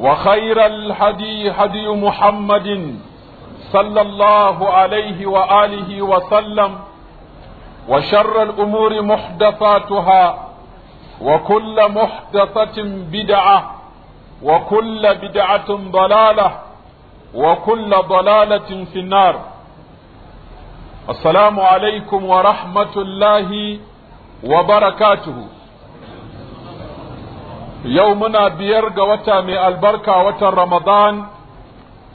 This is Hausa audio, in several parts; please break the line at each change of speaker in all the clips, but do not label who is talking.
وخير الحدي حدي محمد صلى الله عليه وآله وسلم وشر الأمور محدثاتها وكل محدثة بدعة وكل بدعة ضلالة وكل ضلالة في النار السلام عليكم ورحمة الله وبركاته yau muna biyar ga wata mai albarka watan ramadan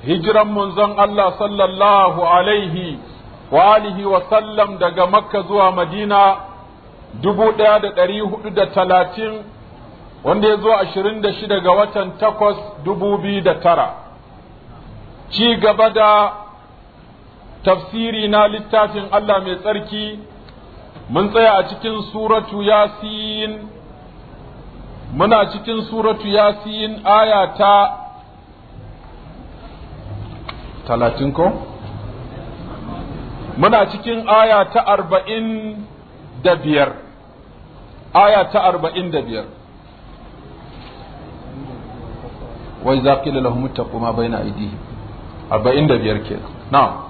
hijiran munzon Allah sallallahu alaihi wa alihi wa sallam daga makka zuwa madina dubu ɗaya da ɗari hudu da talatin wanda ya zo ashirin da shida ga watan takwas dubu biyu da tara ci gaba da tafsiri na littafin Allah mai tsarki mun tsaya a cikin suratu yasin muna cikin suratu yasin aya ta talatin ko? muna cikin aya ta arba'in da biyar aya ta arba'in da biyar wai za ki lahumu ta kuma bai na aidi arba'in da biyar ke na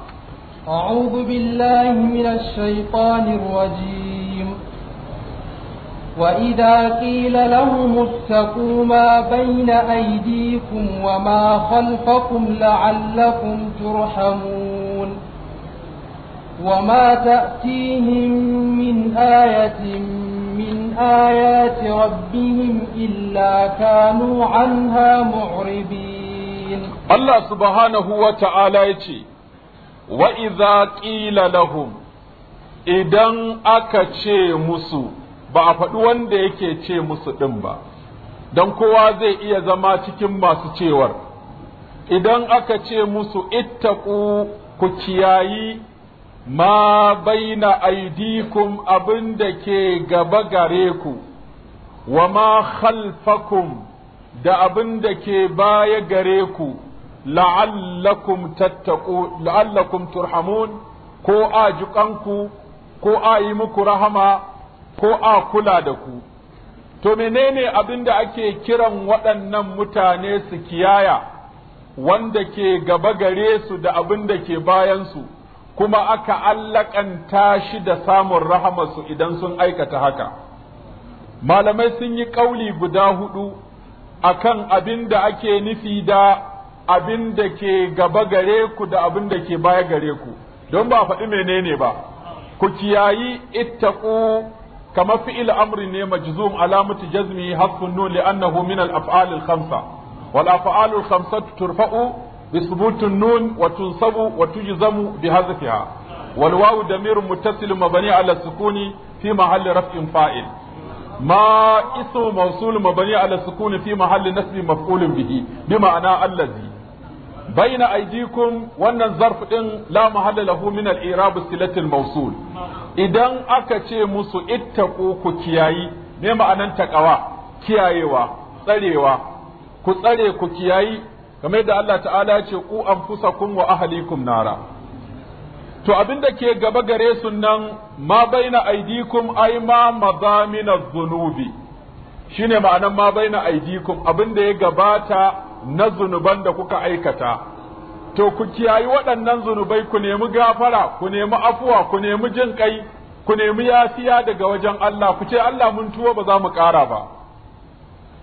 أعوذ بالله من الشيطان الرجيم وإذا قيل لهم اتقوا ما بين أيديكم وما خلفكم لعلكم ترحمون وما تأتيهم من آية من آيات ربهم إلا كانوا عنها معربين
الله سبحانه وتعالى يتي وإذا قيل لهم إذا أكتشي مسوك ba a faɗi wanda yake ce musu ɗin ba don kowa zai iya zama cikin masu cewar idan aka ce musu ittaku ku kiyayi ma baina aidikum abin da ke gaba gare ku wa ma khalfakum da abin da ke baya gare ku la'allakum turhamun ko a jiƙanku ko a yi muku rahama ko a kula da ku to menene abin da ake kiran waɗannan mutane su kiyaya wanda ke gaba gare su da abin da ke bayansu kuma aka allakanta shi da samun su idan sun aikata haka malamai sun yi ƙauli guda hudu akan abin da ake nufi da abin da ke gaba gare ku da abin da ke baya gare ku don ba faɗi menene ba ku kiyayi ittaku كما فعل أمر مجزوم علامة جزمه حذف النون لأنه من الأفعال الخمسة والأفعال الخمسة ترفع بثبوت النون وتنصب وتجزم بحذفها والواو ضمير متصل مبني على السكون في محل رفع فاعل ما اسم موصول مبني على السكون في محل نسب مفعول به بمعنى الذي بين أيديكم وأن الظرف إن لا محل له من الإعراب صلة الموصول idan aka ce musu ittaku ku kiyayi me ma'anan taqawa kiyayewa tsarewa ku tsare ku kiyayi kamar da Allah ta'ala ya ce ku anfusakum wa ahlikum nara to abin da ke gaba gare su nan ma baina aidikum ai ma mazamina zunubi shine ma'anan ma baina aidikum abin da ya gabata na zunuban da kuka aikata to ku kiyayi waɗannan zunubai ku nemi gafara ku nemi afuwa ku nemi jin kai ku nemi yasiya daga wajen Allah ku ce Allah mun tuwo ba za mu ƙara ba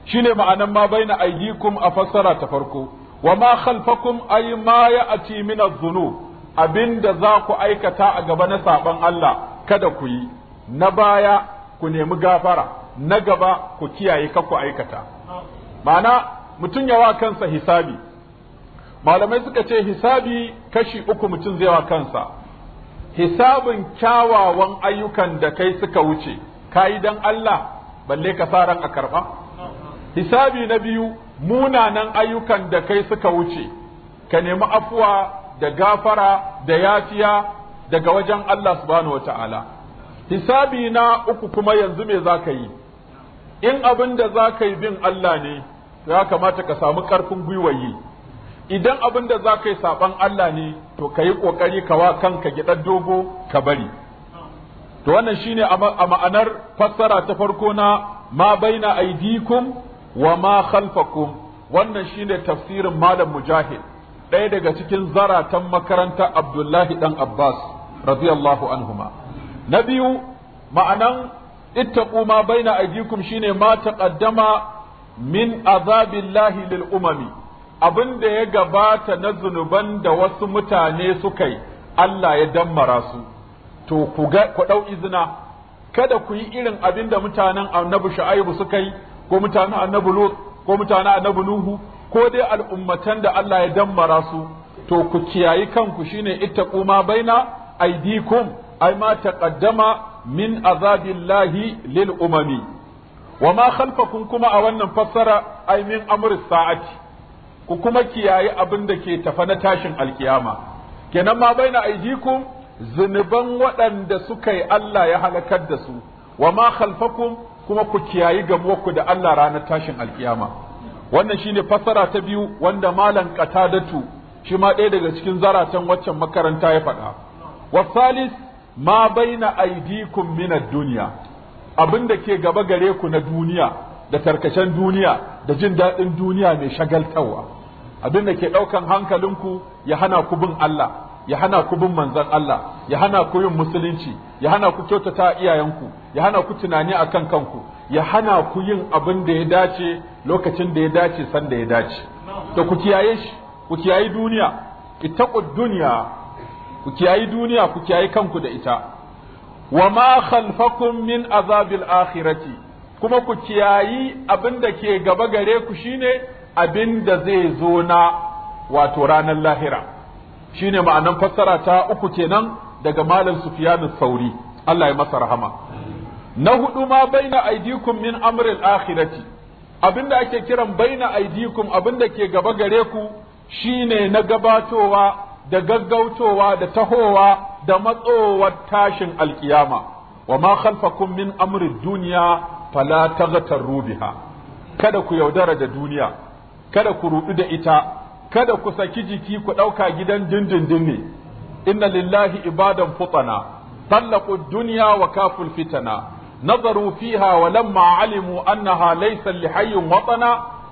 shine ma'anan ma baina aidikum a fassara ta farko wa ma khalfakum ay ma ya'ti min adh-dhunub abinda za ku aikata a gaba na saban Allah kada ku yi na baya ku nemi gafara na gaba ku kiyaye ka ku aikata ma'ana mutum ya wa kansa hisabi malamai suka ce hisabi kashi uku mutum zai wa kansa hisabin kyawawan ayyukan da kai suka wuce kayi dan Allah balle ka sa ran a karba hisabi na biyu munanan ayyukan da kai suka wuce ka nemi afuwa da gafara da yafiya daga wajen Allah subhanahu wataala hisabi na uku kuma yanzu me za ka yi in abin da za ka yi bin Allah ne ya kamata ka samu ƙarfin gwiwa yi idan abin da za ka yi saɓan Allah ne to ka yi ƙoƙari ka wa kanka gidan dogo ka bari to wannan shine a ma'anar fassara ta farko na ma baina aidikum wa ma khalfakum wannan shine tafsirin malam mujahid ɗaya daga cikin zaratan makaranta abdullahi dan abbas radiyallahu anhuma na biyu ma'anan ittaqu ma baina aidikum shine ma taqaddama min azabillahi lil umami abin da ya gabata na zunuban da wasu mutane suka yi Allah ya dammara su to ku ɗau izina kada ku yi irin abin da mutanen annabi shu'aibu suka yi ko mutanen annabi lut ko mutanen annabi nuhu ko dai al'ummatan da Allah ya dammara su to ku kiyayi kanku shine ita kuma, baina aidikum ai ma taqaddama min azabillahi lil umami wa ma khalfakum kuma a wannan fassara ai min amri sa'ati ku kuma kiyaye abin da ke tafa na tashin alkiyama kenan ma baina aidikum zunuban waɗanda suka yi Allah ya halakar da su wa ma khalfakum kuma ku kiyayi gamuwarku da Allah ranar tashin alkiyama wannan shine fassara ta biyu wanda malam qatadatu shi ma ɗaya daga cikin zaratan waccan makaranta ya faɗa wasalis ma baina aidikum min ad-dunya abin da ke gaba gare ku na duniya da tarkacen duniya da jin daɗin duniya mai shagaltawa abin da ke ɗaukan hankalinku ya hana ku bin Allah ya hana ku bin manzon Allah ya hana ku yin musulunci ya hana ku kyautata iyayenku ya hana ku tunani akan kanku ya hana ku yin abin da ya dace lokacin da ya dace san da ya dace
to ku kiyaye
shi ku kiyaye duniya ittaqu dunya ku kiyaye duniya ku kiyaye kanku da ita wa ma khalfakum min azabil akhirati kuma ku kiyayi abin da ke gaba gare ku shine abin da zai zo na wato ranar lahira shine ma'anan fassara ta uku kenan daga malam sufyanu sauri Allah ya masa rahama na hudu ma baina aidikum min amril akhirati da ake kiran baina aidikum abin da ke gaba gare ku shine na gabatowa da gaggautowa da tahowa da matsowar tashin alkiyama wa ma khalfakum min amrin dunya fala taghtaru biha kada ku yaudara da duniya kada ku ruɗu da ita kada ku saki jiki ku ɗauka gidan dindindin ne inna lillahi ibadan futsana, tallaqu duniya wa kaful fitana nazaru fiha wa lamma alimu annaha laysa lihayyin watana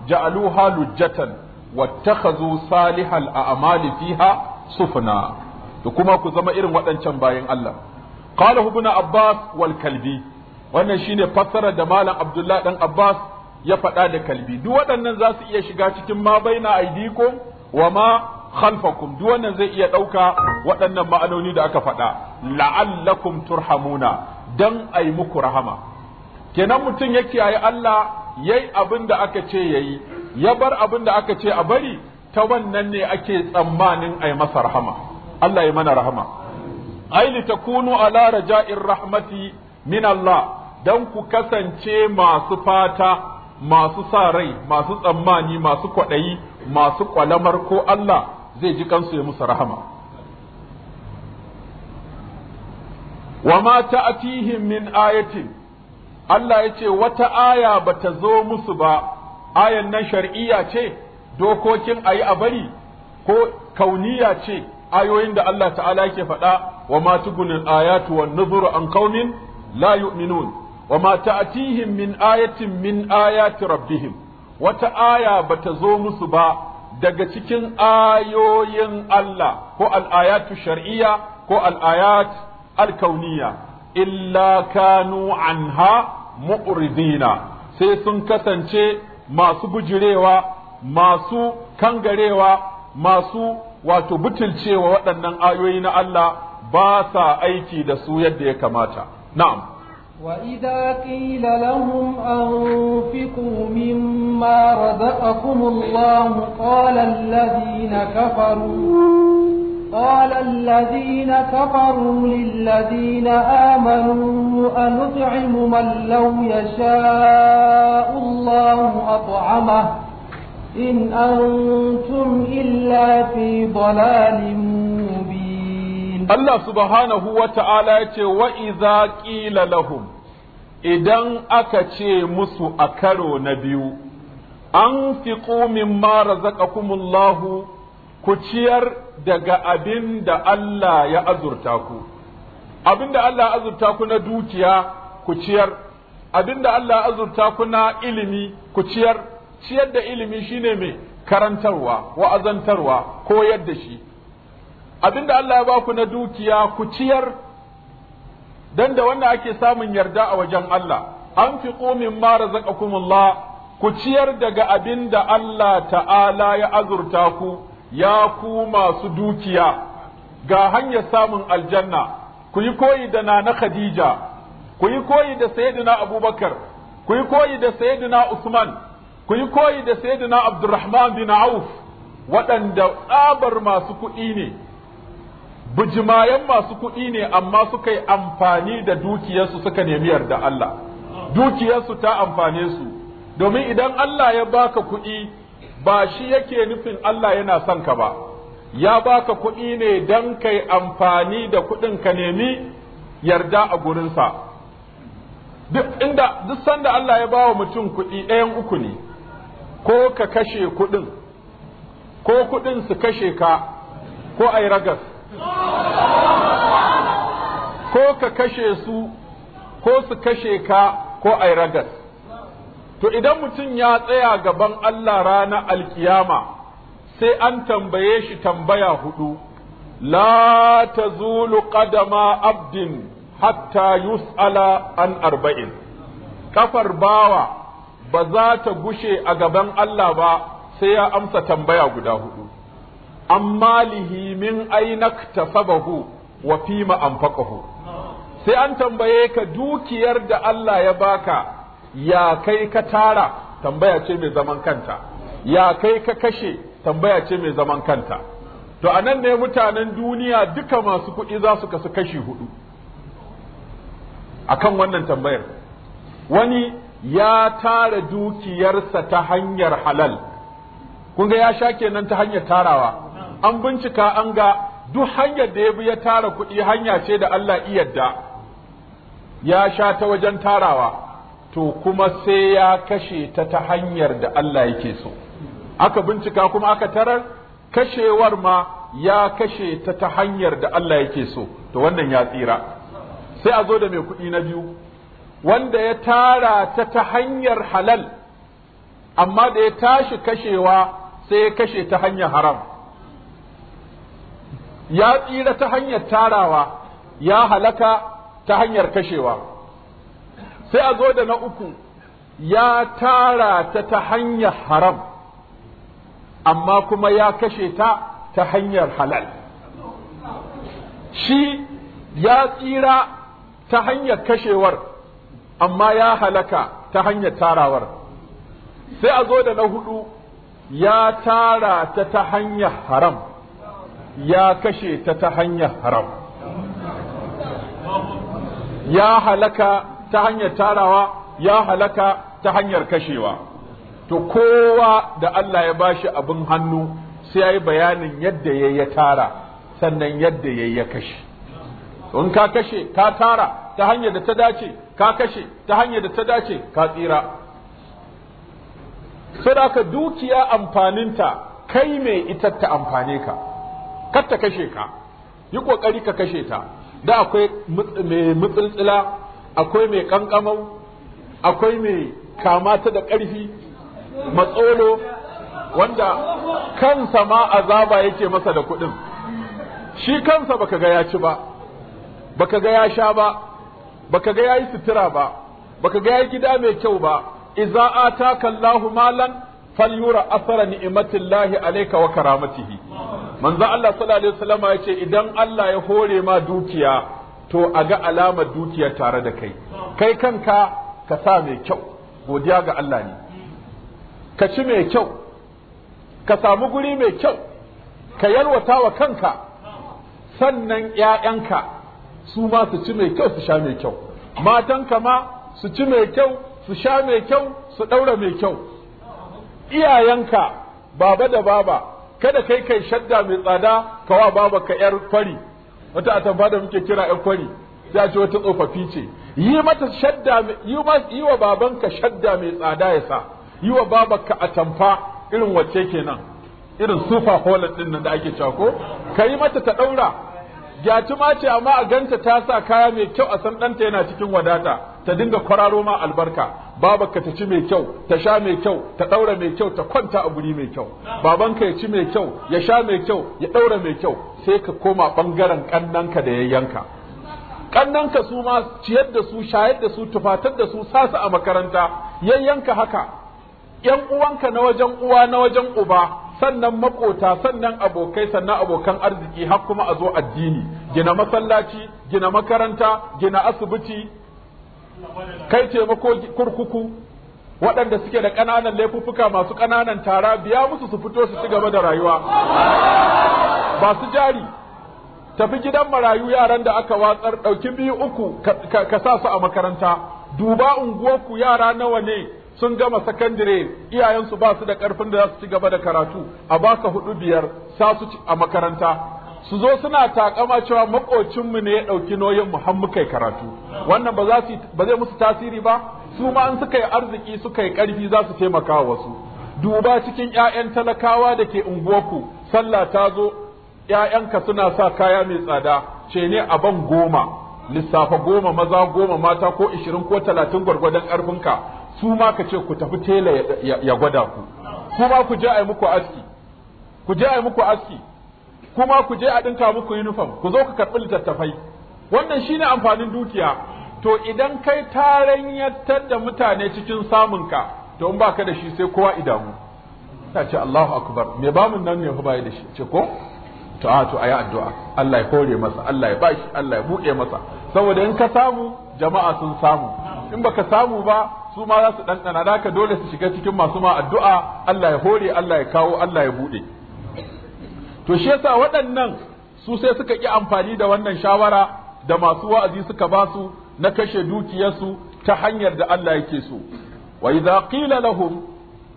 ja'aluha lujjatan wattakhadhu salihal a'mali fiha sufna Da kuma ku zama irin waɗancan bayan Allah qala ibn abbas wal kalbi wannan shine fassara da malam abdullah dan abbas ya faɗa da kalbi duk waɗannan za su iya shiga cikin ma baina aidikum wa ma khalfakum duk wannan zai iya ɗauka waɗannan ma'anoni da aka faɗa la'allakum turhamuna dan ai muku rahama kenan mutum ya kiyaye Allah yayi abin da aka ce yayi ya bar abin da aka ce a bari ta wannan ne ake tsammanin ai masa rahama Allah ya mana rahama ai takunu ala raja'ir rahmati min Allah dan ku kasance masu fata masu sa rai masu tsammani masu kwaɗayi masu kwalamar ko Allah zai ji kansu ya musu rahama wa ma ta'tihim min ayatin Allah ya ce wata aya bata zo musu ba ayan nan shar'iyya ce dokokin ayi a bari ko kauniya ce ayoyin da Allah ta'ala yake faɗa wa ma tugunin ayatu wan nuzuru an qaumin la yu'minun wa ma ta'tihim min ayatin min ayati rabbihim wata aya bata zo musu ba daga cikin ayoyin Allah ko al-ayatu shar'iyya ko al-ayat al-kauniyya illa kanu anha sai sun kasance masu bujirewa masu kangarewa masu wato butulcewa waɗannan ayoyi na Allah ba sa aiki da su yadda ya kamata na'am
وإذا قيل لهم أنفقوا مما رزقكم الله قال الذين كفروا قال الذين كفروا للذين آمنوا أنطعم من لو يشاء الله أطعمه إن أنتم إلا في ضلال
Allah subhanahu wa ta'ala ya ce wa iza ƙila lahum idan aka ce musu a karo na biyu an fi ƙomin mara zaƙakumullahu ku ciyar daga abin da Allah ya azurta ku abin da Allah ya azurta ku na dukiya ku ciyar abin da Allah ya azurta ku na ilimi ku ciyar ciyar da ilimi shine mai karantarwa wa'azantarwa koyar da shi abinda Allah ya baku na dukiya ku ciyar dan da wannan ake samun yarda a wajen Allah an fi komin mara zaƙakumullah ku ciyar daga abinda Allah ta'ala ya azurta ku ya ku masu dukiya ga hanyar samun aljanna ku yi koyi da nana khadija ku yi koyi da sayyidina abubakar ku yi koyi da sayyidina usman ku yi koyi da sayyidina abdurrahman bin auf waɗanda tsabar masu kuɗi ne Bijimayen masu kuɗi ne amma suka yi amfani da dukiyarsu suka nemi yarda Allah dukiyarsu ta amfane su domin idan Allah ya baka kuɗi ba shi yake nufin Allah yana son ka ba ya baka kuɗi ne don kai amfani da kuɗin ka nemi yarda a gurinsa duk inda duk sanda Allah ya bawa mutum kuɗi ɗayan uku ne ko ka kashe kuɗin ko kuɗin su kashe ka ko ai ragas ko ka kashe su ko su kashe ka ko ai ragas to idan mutum ya tsaya gaban Allah rana alkiyama sai an tambaye shi tambaya hudu la tazulu qadama abdin hatta yus'ala an arba'in kafar bawa ba za ta gushe a gaban Allah ba sai ya amsa tambaya guda hudu amma lihi min aina tasabahu wa fima anfaqahu sai an tambaye ka dukiyar da Allah ya baka ya kai ka tara tambaya ce mai zaman kanta ya kai ka kashe tambaya ce mai zaman kanta to anan ne mutanen duniya duka masu kuɗi za su kasu kashi hudu akan wannan tambayar wani ya tara dukiyarsa ta hanyar halal kun ga ya sha kenan ta hanyar tarawa an bincika an ga duk hanyar da ya bi ya tara kuɗi hanya ce da Allah iyadda ya sha ta wajen tarawa to kuma sai ya kashe ta ta hanyar da Allah yake so aka bincika kuma aka tarar kashewar ma ya kashe ta ta hanyar da Allah yake so to wannan ya tsira sai a zo da mai kuɗi na biyu wanda ya tara ta ta hanyar halal amma da ya tashi kashewa sai ya kashe ta hanyar haram ya tsira ta hanyar tarawa ya halaka ta hanyar kashewa sai a zo da na uku ya tara ta ta hanyar haram amma kuma ya kashe ta ta hanyar halal shi ya tsira ta hanyar kashewar amma ya halaka ta hanyar tarawar sai a zo da na hudu ya tara ta ta hanyar haram ya kashe ta ta hanyar haram ya halaka ta hanyar tarawa ya halaka ta hanyar kashewa to kowa da Allah ya bashi abin hannu sai ya yi bayanin yadda ya ya tara sannan yadda ya ya kashe in ka kashe ka tara ta hanyar da ta dace ka kashe ta hanyar da ta dace ka tsira so da dukiya amfaninta kai mai ita ta amfane ka kar ta kashe ka yi kokari ka kashe ta da akwai mai mutsultsula akwai mai kankamau akwai mai kamata da ƙarfi
matsolo
wanda kansa ma azaba yake masa da kuɗin shi kansa baka ga ya ci ba baka ga ya sha ba baka ga ya yi sutura ba baka ga ya gida mai kyau ba idza ataka Allahu malan falyura athara ni'matillahi alayka wa karamatihi manzo Allah sallallahu alaihi wasallama yace idan Allah ya hore ma dukiya to a ga alamar dukiya tare da kai kai kanka ka sa mai kyau godiya ga Allah ne ka ci mai kyau ka samu guri mai kyau ka yalwata wa kanka sannan ‘ya'yanka su ma su ci mai kyau su sha mai kyau matanka ma su ci mai kyau su sha mai kyau su ɗaura mai kyau iyayenka baba da baba kada kai kai shadda mai tsada wa baba ka yar kwari wata atamfa da muke kira yar kwari Ya ce wata tsofaffi ce yi mata shadda yi wa babanka shadda mai tsada ya sa yi wa babanka atamfa irin wacce kenan irin sufa holland din nan da ake cewa ko ka mata ta ɗaura ma ce amma a ganta ta sa kaya mai kyau a san ɗanta yana cikin wadata ta dinga kwararo ma albarka ka ta ci mai kyau ta sha mai kyau ta daura mai kyau ta kwanta a guri mai kyau babanka ya ci mai kyau ya sha mai kyau ya daura mai kyau sai ka koma bangaren ka da yayyanka ka su ma ciyar da su shayar da su tufatar da su sasa a makaranta yanka haka yan uwanka na wajen uwa na wajen uba sannan makota sannan abokai sannan abokan arziki har kuma a zo addini gina masallaci gina makaranta gina asibiti kai taimako kurkuku waɗanda suke da ƙananan laifuffuka masu ƙananan tara biya musu su fito su ci gaba da rayuwa ba su jari tafi gidan marayu yaran da aka watsar ɗauki biyu uku ka sa su a makaranta duba unguwarku yara nawa ne sun gama sakandire iyayensu ba su da ƙarfin da za su ci gaba da karatu a baka hudu biyar sa su a makaranta su zo suna takama cewa makocinmu ne ya ɗauki noyin mu har karatu wannan ba zai musu tasiri ba su ma an suka yi arziki suka yi ƙarfi za su taimaka wasu duba cikin 'ya'yan talakawa da ke unguwarku sallah ta zo ƴaƴanka suna sa kaya mai tsada ce ne a ban goma lissafa goma maza goma mata ko ishirin ko talatin gwargwadon ƙarfinka su ma ka ce ku tafi tela ya gwada ku ku ma ku je a yi muku aski ku je a muku aski kuma ku je a ɗinka muku uniform ku zo ku karɓi littattafai wannan shine amfanin dukiya to idan kai taron yattar da mutane cikin samunka to in baka da shi sai kowa idamu ta ce Allahu akbar me bamun nan ne ba da shi ce ko to a to ayi addu'a Allah ya kore masa Allah ya bashi Allah ya buɗe masa saboda in ka samu jama'a sun samu in baka samu ba su ma za su ɗanɗana da dole su shiga cikin masu ma addu'a Allah ya hore Allah ya kawo Allah ya buɗe to shi yasa waɗannan su sai suka ƙi amfani da wannan shawara da masu wa'azi suka ba su na kashe dukiyarsu ta hanyar da Allah yake so wa idza qila lahum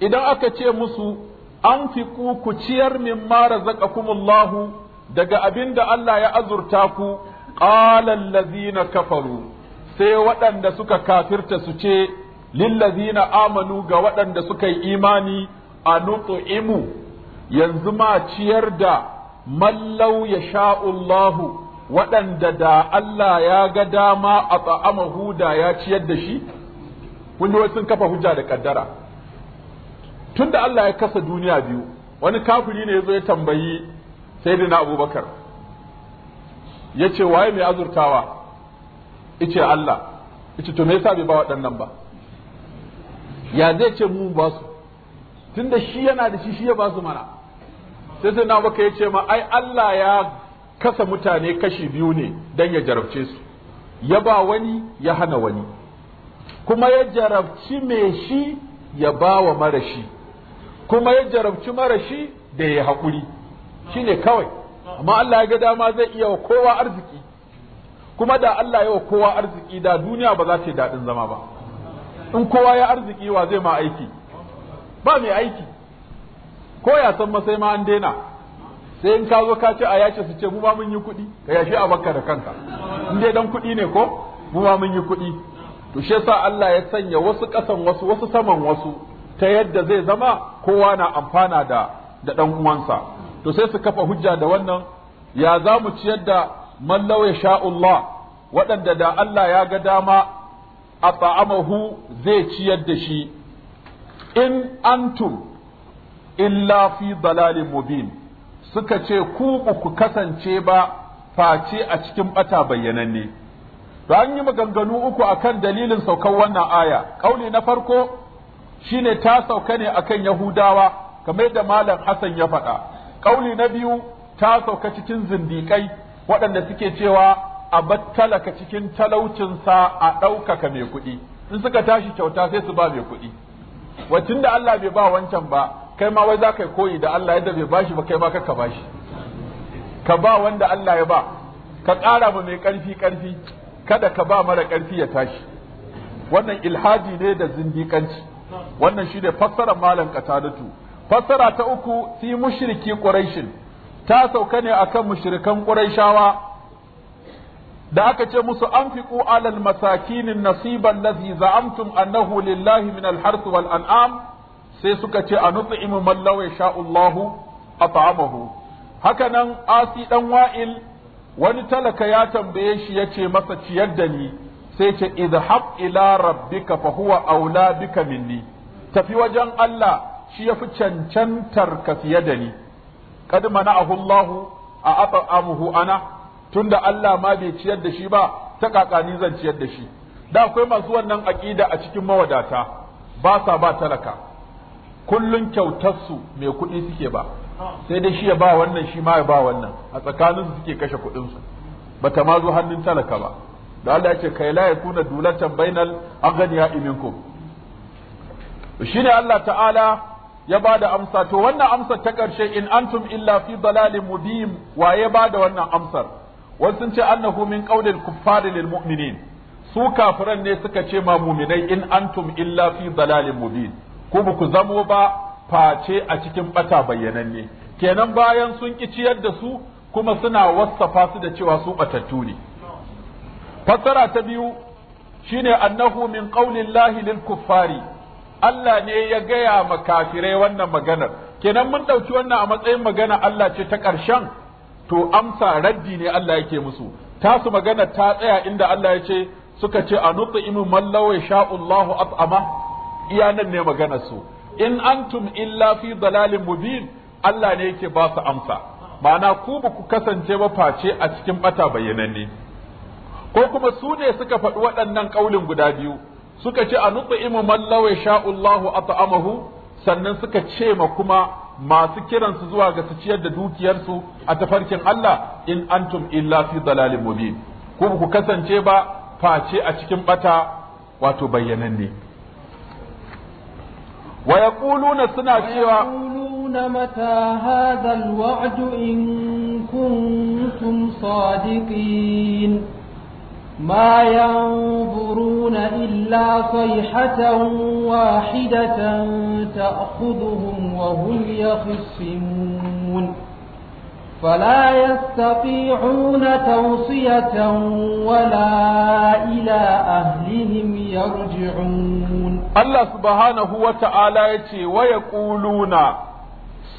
idan aka ce musu an anfiqu ku ciyar min mimma razaqakumullahu daga abin da Allah ya azurta ku qala allazina kafaru sai waɗanda suka kafirta su ce lillazina amanu ga waɗanda suka yi imani a nutu'imu. yanzu ma ciyar da mallau ya sha'ullahu waɗanda da Allah ya ga dama a tsa'ama huda ya ciyar da shi, kun sun kafa hujja da kaddara. Tunda da Allah ya kasa duniya biyu, wani kafiri ne ya ya tambayi Sayyidina Abubakar, ya ce waye mai azurtawa, ice Allah, ice to me yasa bai ba waɗannan ba. Ya zai ce mu ba su, tun shi yana da shi shi ya ba su mana. sai sai na baka ya ce ma ai Allah ya kasa mutane kashi biyu ne don ya jarabce su ya ba wani ya hana wani kuma ya jarabci mai shi ya ba wa mara shi kuma ya jarabci mara shi da ya haƙuri shi ne kawai amma Allah ya ga dama zai iya wa kowa arziki kuma da Allah ya wa kowa arziki da duniya ba za ta yi daɗin zama ba in kowa ya arziki wa zai ma aiki ba mai aiki ko ya san ma sai ma an daina sai in ka zo ka ce a yace su ce mu ba mun yi kuɗi ka yashi a bakka da kanka in dai dan kuɗi ne ko mu ba mun yi kuɗi to shi yasa Allah ya sanya wasu ƙasan wasu wasu saman wasu ta yadda zai zama kowa na amfana da da dan uwansa to sai su kafa hujja da wannan ya za mu ciyar da mallau ya sha'ullah waɗanda da Allah ya ga dama a ta'amahu zai ciyar da shi in antum illa fi dalalin mubin suka ce ku ku kasance ba face a cikin bata bayyananne To an yi maganganu uku akan dalilin saukar wannan aya kauli na farko shine ta sauka ne akan yahudawa kamar da malam hassan ya faɗa kauli na biyu ta sauka cikin zindikai waɗanda suke cewa a battalaka cikin talaucinsa a ɗaukaka mai kuɗi in suka tashi kyauta sai su ba mai kuɗi wacin da Allah bai ba wancan ba kai ma wai za ka yi koyi da Allah yadda bai bashi ba kai ma ka bashi ka ba wanda Allah ya ba ka ƙara ma mai ƙarfi ƙarfi kada ka ba mara ƙarfi ya tashi wannan ilhadi ne da zindiƙanci wannan shi ne fassarar malam qatadatu fassara ta uku fi mushriki quraishin ta sauka ne akan mushrikan quraishawa da aka ce musu anfiqu alal masakinin nasiban ladhi za'amtum annahu lillahi min al-harth wal an'am sai suka ce a nut'imu sha'ullahu a yasha'ullahu Haka nan, asi ɗan wa'il wani talaka ya tambaye shi ya ce masa ciyar da ni sai ce idhab ila rabbika fa huwa aula bika minni tafi wajen Allah shi ya fi cancantar ka fiye da ni kad a hullahu a amuhu ana tunda Allah ma bai ciyar da shi ba ta kakani zan ciyar da shi da akwai masu wannan aƙida a cikin mawadata ba sa ba talaka kullun kyautarsu mai kuɗi suke ba sai dai shi ya ba wannan shi ma ya ba wannan a tsakaninsu suke kashe kuɗinsu ba ta ma zo hannun talaka ba da Allah ya ce kai la yakuna dulatan bainal aghniya minkum shine Allah ta'ala ya ba da amsa to wannan amsar ta ƙarshe in antum illa fi dalalin mubin waye ba da wannan amsar wasu sun ce annahu min qaulil kuffari lil mu'minin su kafiran ne suka ce ma mu'minai in antum illa fi dalalin mubin ko ba ku zamo ba face a cikin ɓata bayyananne kenan bayan sun ki ciyar da su kuma suna wassafa su da cewa su ɓatattu ne fassara ta biyu shine annahu min lahi lil kuffari Allah ne ya gaya ma kafirai wannan maganar kenan mun ɗauki wannan a matsayin magana Allah ce ta ƙarshen to amsa raddi ne Allah yake musu tasu magana ta tsaya inda Allah ya ce suka ce a nutsu imin mallawa sha'ullahu at'ama iya nan ne magana su in antum illa fi dalalin mubin Allah ne yake ba su amsa ma'ana ku ba ku kasance ba face a cikin bata bayyananne ko kuma su ne suka faɗi waɗannan ƙaulin guda biyu suka ce a nut'imu man law sha'ullahu at'amahu sannan suka ce ma kuma masu kiransu zuwa ga su ciyar da dukiyarsu a tafarkin Allah in antum illa fi dalalin mubin ku ku kasance ba face a cikin bata wato bayyananne ويقولون سنا cewa
يقولون متى هذا الوعد إن كنتم صادقين ما ينظرون إلا صيحة واحدة تأخذهم وهم يخصمون فلا يستطيعون توصية ولا إلى أهلهم يرجعون
الله سبحانه وتعالى suna ويقولون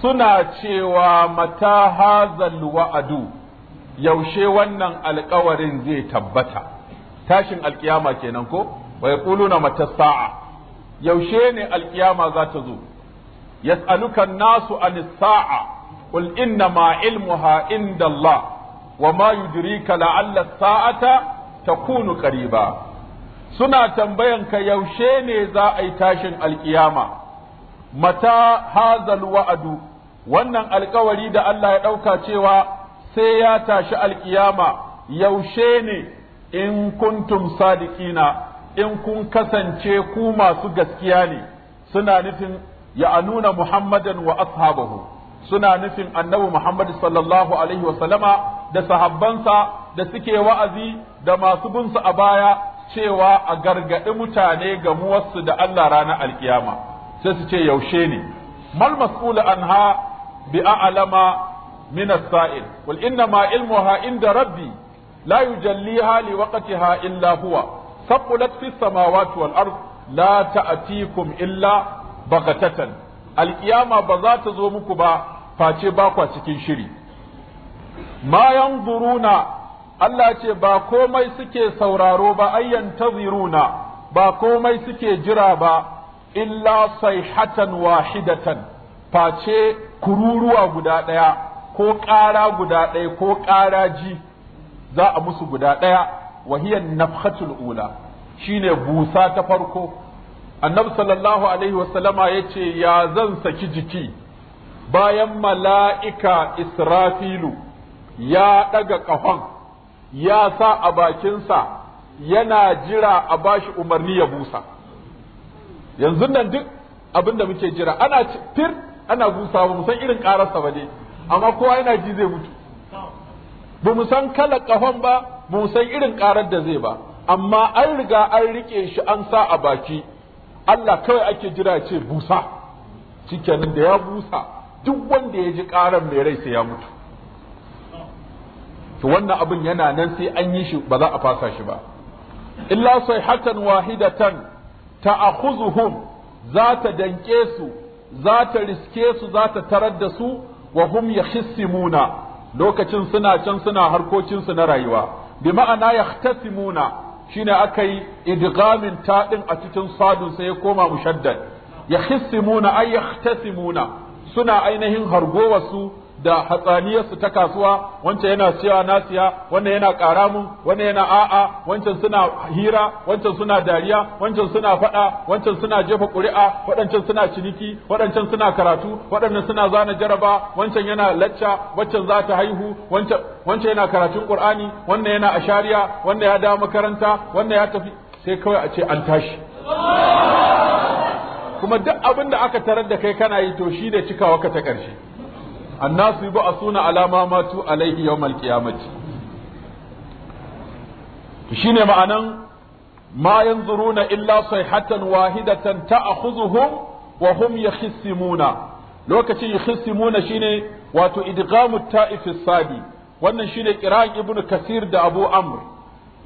سنة ومتى هذا الوعد yaushe wannan alkawarin zai tabbata tashin alkiyama kenan ko wa na mata sa'a yaushe ne alkiyama za ta zo yas'aluka nasu a sa'a qul inna ma ilmuha inda Allah wa ma yudrika la'alla sa'ata takunu qariba suna tambayan ka yaushe ne za a yi tashin alkiyama mata hazalu wa'adu wannan alkawari da Allah ya ɗauka cewa sai ya tashi alkiyama yaushe ne in kuntum sadiqina in kun kasance ku masu gaskiya ne suna nufin ya nuna muhammadan wa ashabahu suna nufin annabi Muhammad sallallahu alaihi wasallama da sahabbansa da suke wa'azi da masu binsu a baya cewa a gargaɗi mutane gamuwarsu da Allah ranar alkiyama sai su ce yaushe ne mal mas'ulu anha bi a'lama min as-sa'il wal inna ma ilmuha inda rabbi la hali li waqtiha illa huwa saqulat fis samawati wal ard la ta'tikum illa baghtatan alkiyama ba za ta zo muku ba face ba kwa cikin shiri ma yanzuruna Allah ce ba komai suke sauraro ba ayyan taziruna ba komai suke jira ba illa sayhatan wahidatan face kururuwa guda ɗaya ko ƙara guda ɗaya ko ƙara ji za a musu guda ɗaya wahiyan nafhatul ula shine busa ta farko annabi sallallahu alaihi wasallama ya ce ya zan saki jiki bayan mala'ika Israfilu ya ɗaga ƙahon, ya sa a bakinsa yana jira a bashi umarni ya busa. Yanzu nan duk abin da muke jira, ana tir ana busa ba san irin ƙararsa ba ne, amma kowa yana ji zai mutu. Ba mu san kala ƙahon ba, ba mu san irin ƙarar da zai ba, amma an riga an riƙe shi an sa a baki, Allah kawai ake jira ce busa, cikin da ya busa. duk wanda ya ji ƙaran mai rai sai ya mutu to wannan abin yana nan sai an yi shi ba za a fasa shi ba illa sayhatan wahidatan ta'khuzuhum za ta danke su za ta riske su za ta tarar da su wa hum yakhissimuna lokacin suna can suna harkokinsu na rayuwa bi ma'ana yahtasimuna shine akai idgamin ta din a cikin sadun sai ya koma mushaddad yakhissimuna ay yahtasimuna suna ainihin hargowarsu da hatsaniyarsu ta kasuwa wancan yana cewa na siya wannan yana ƙara mun wannan yana a'a wancan suna hira wancan suna dariya wancan suna faɗa wancan suna jefa ƙuri'a waɗancan suna ciniki waɗancan suna karatu waɗannan suna zana jaraba wancan yana lacca wancan za ta haihu wancan wancan yana karatun ƙur'ani wannan yana ashariya wannan ya dawo makaranta wannan ya tafi sai kawai a ce an tashi kuma duk abin da aka tarar da kai kana yi to shi ne cikawa ka ta ƙarshe annasu yi ba suna alama matu alaihi yau malkiyamaci shi ne ma'anan ma yanzuruna illa sayhatan wahidatan ta'khuzuhum wa hum yakhsimuna lokacin shi shine wato idghamu ta'if sadi wannan shine kiran ibnu kasir da abu amr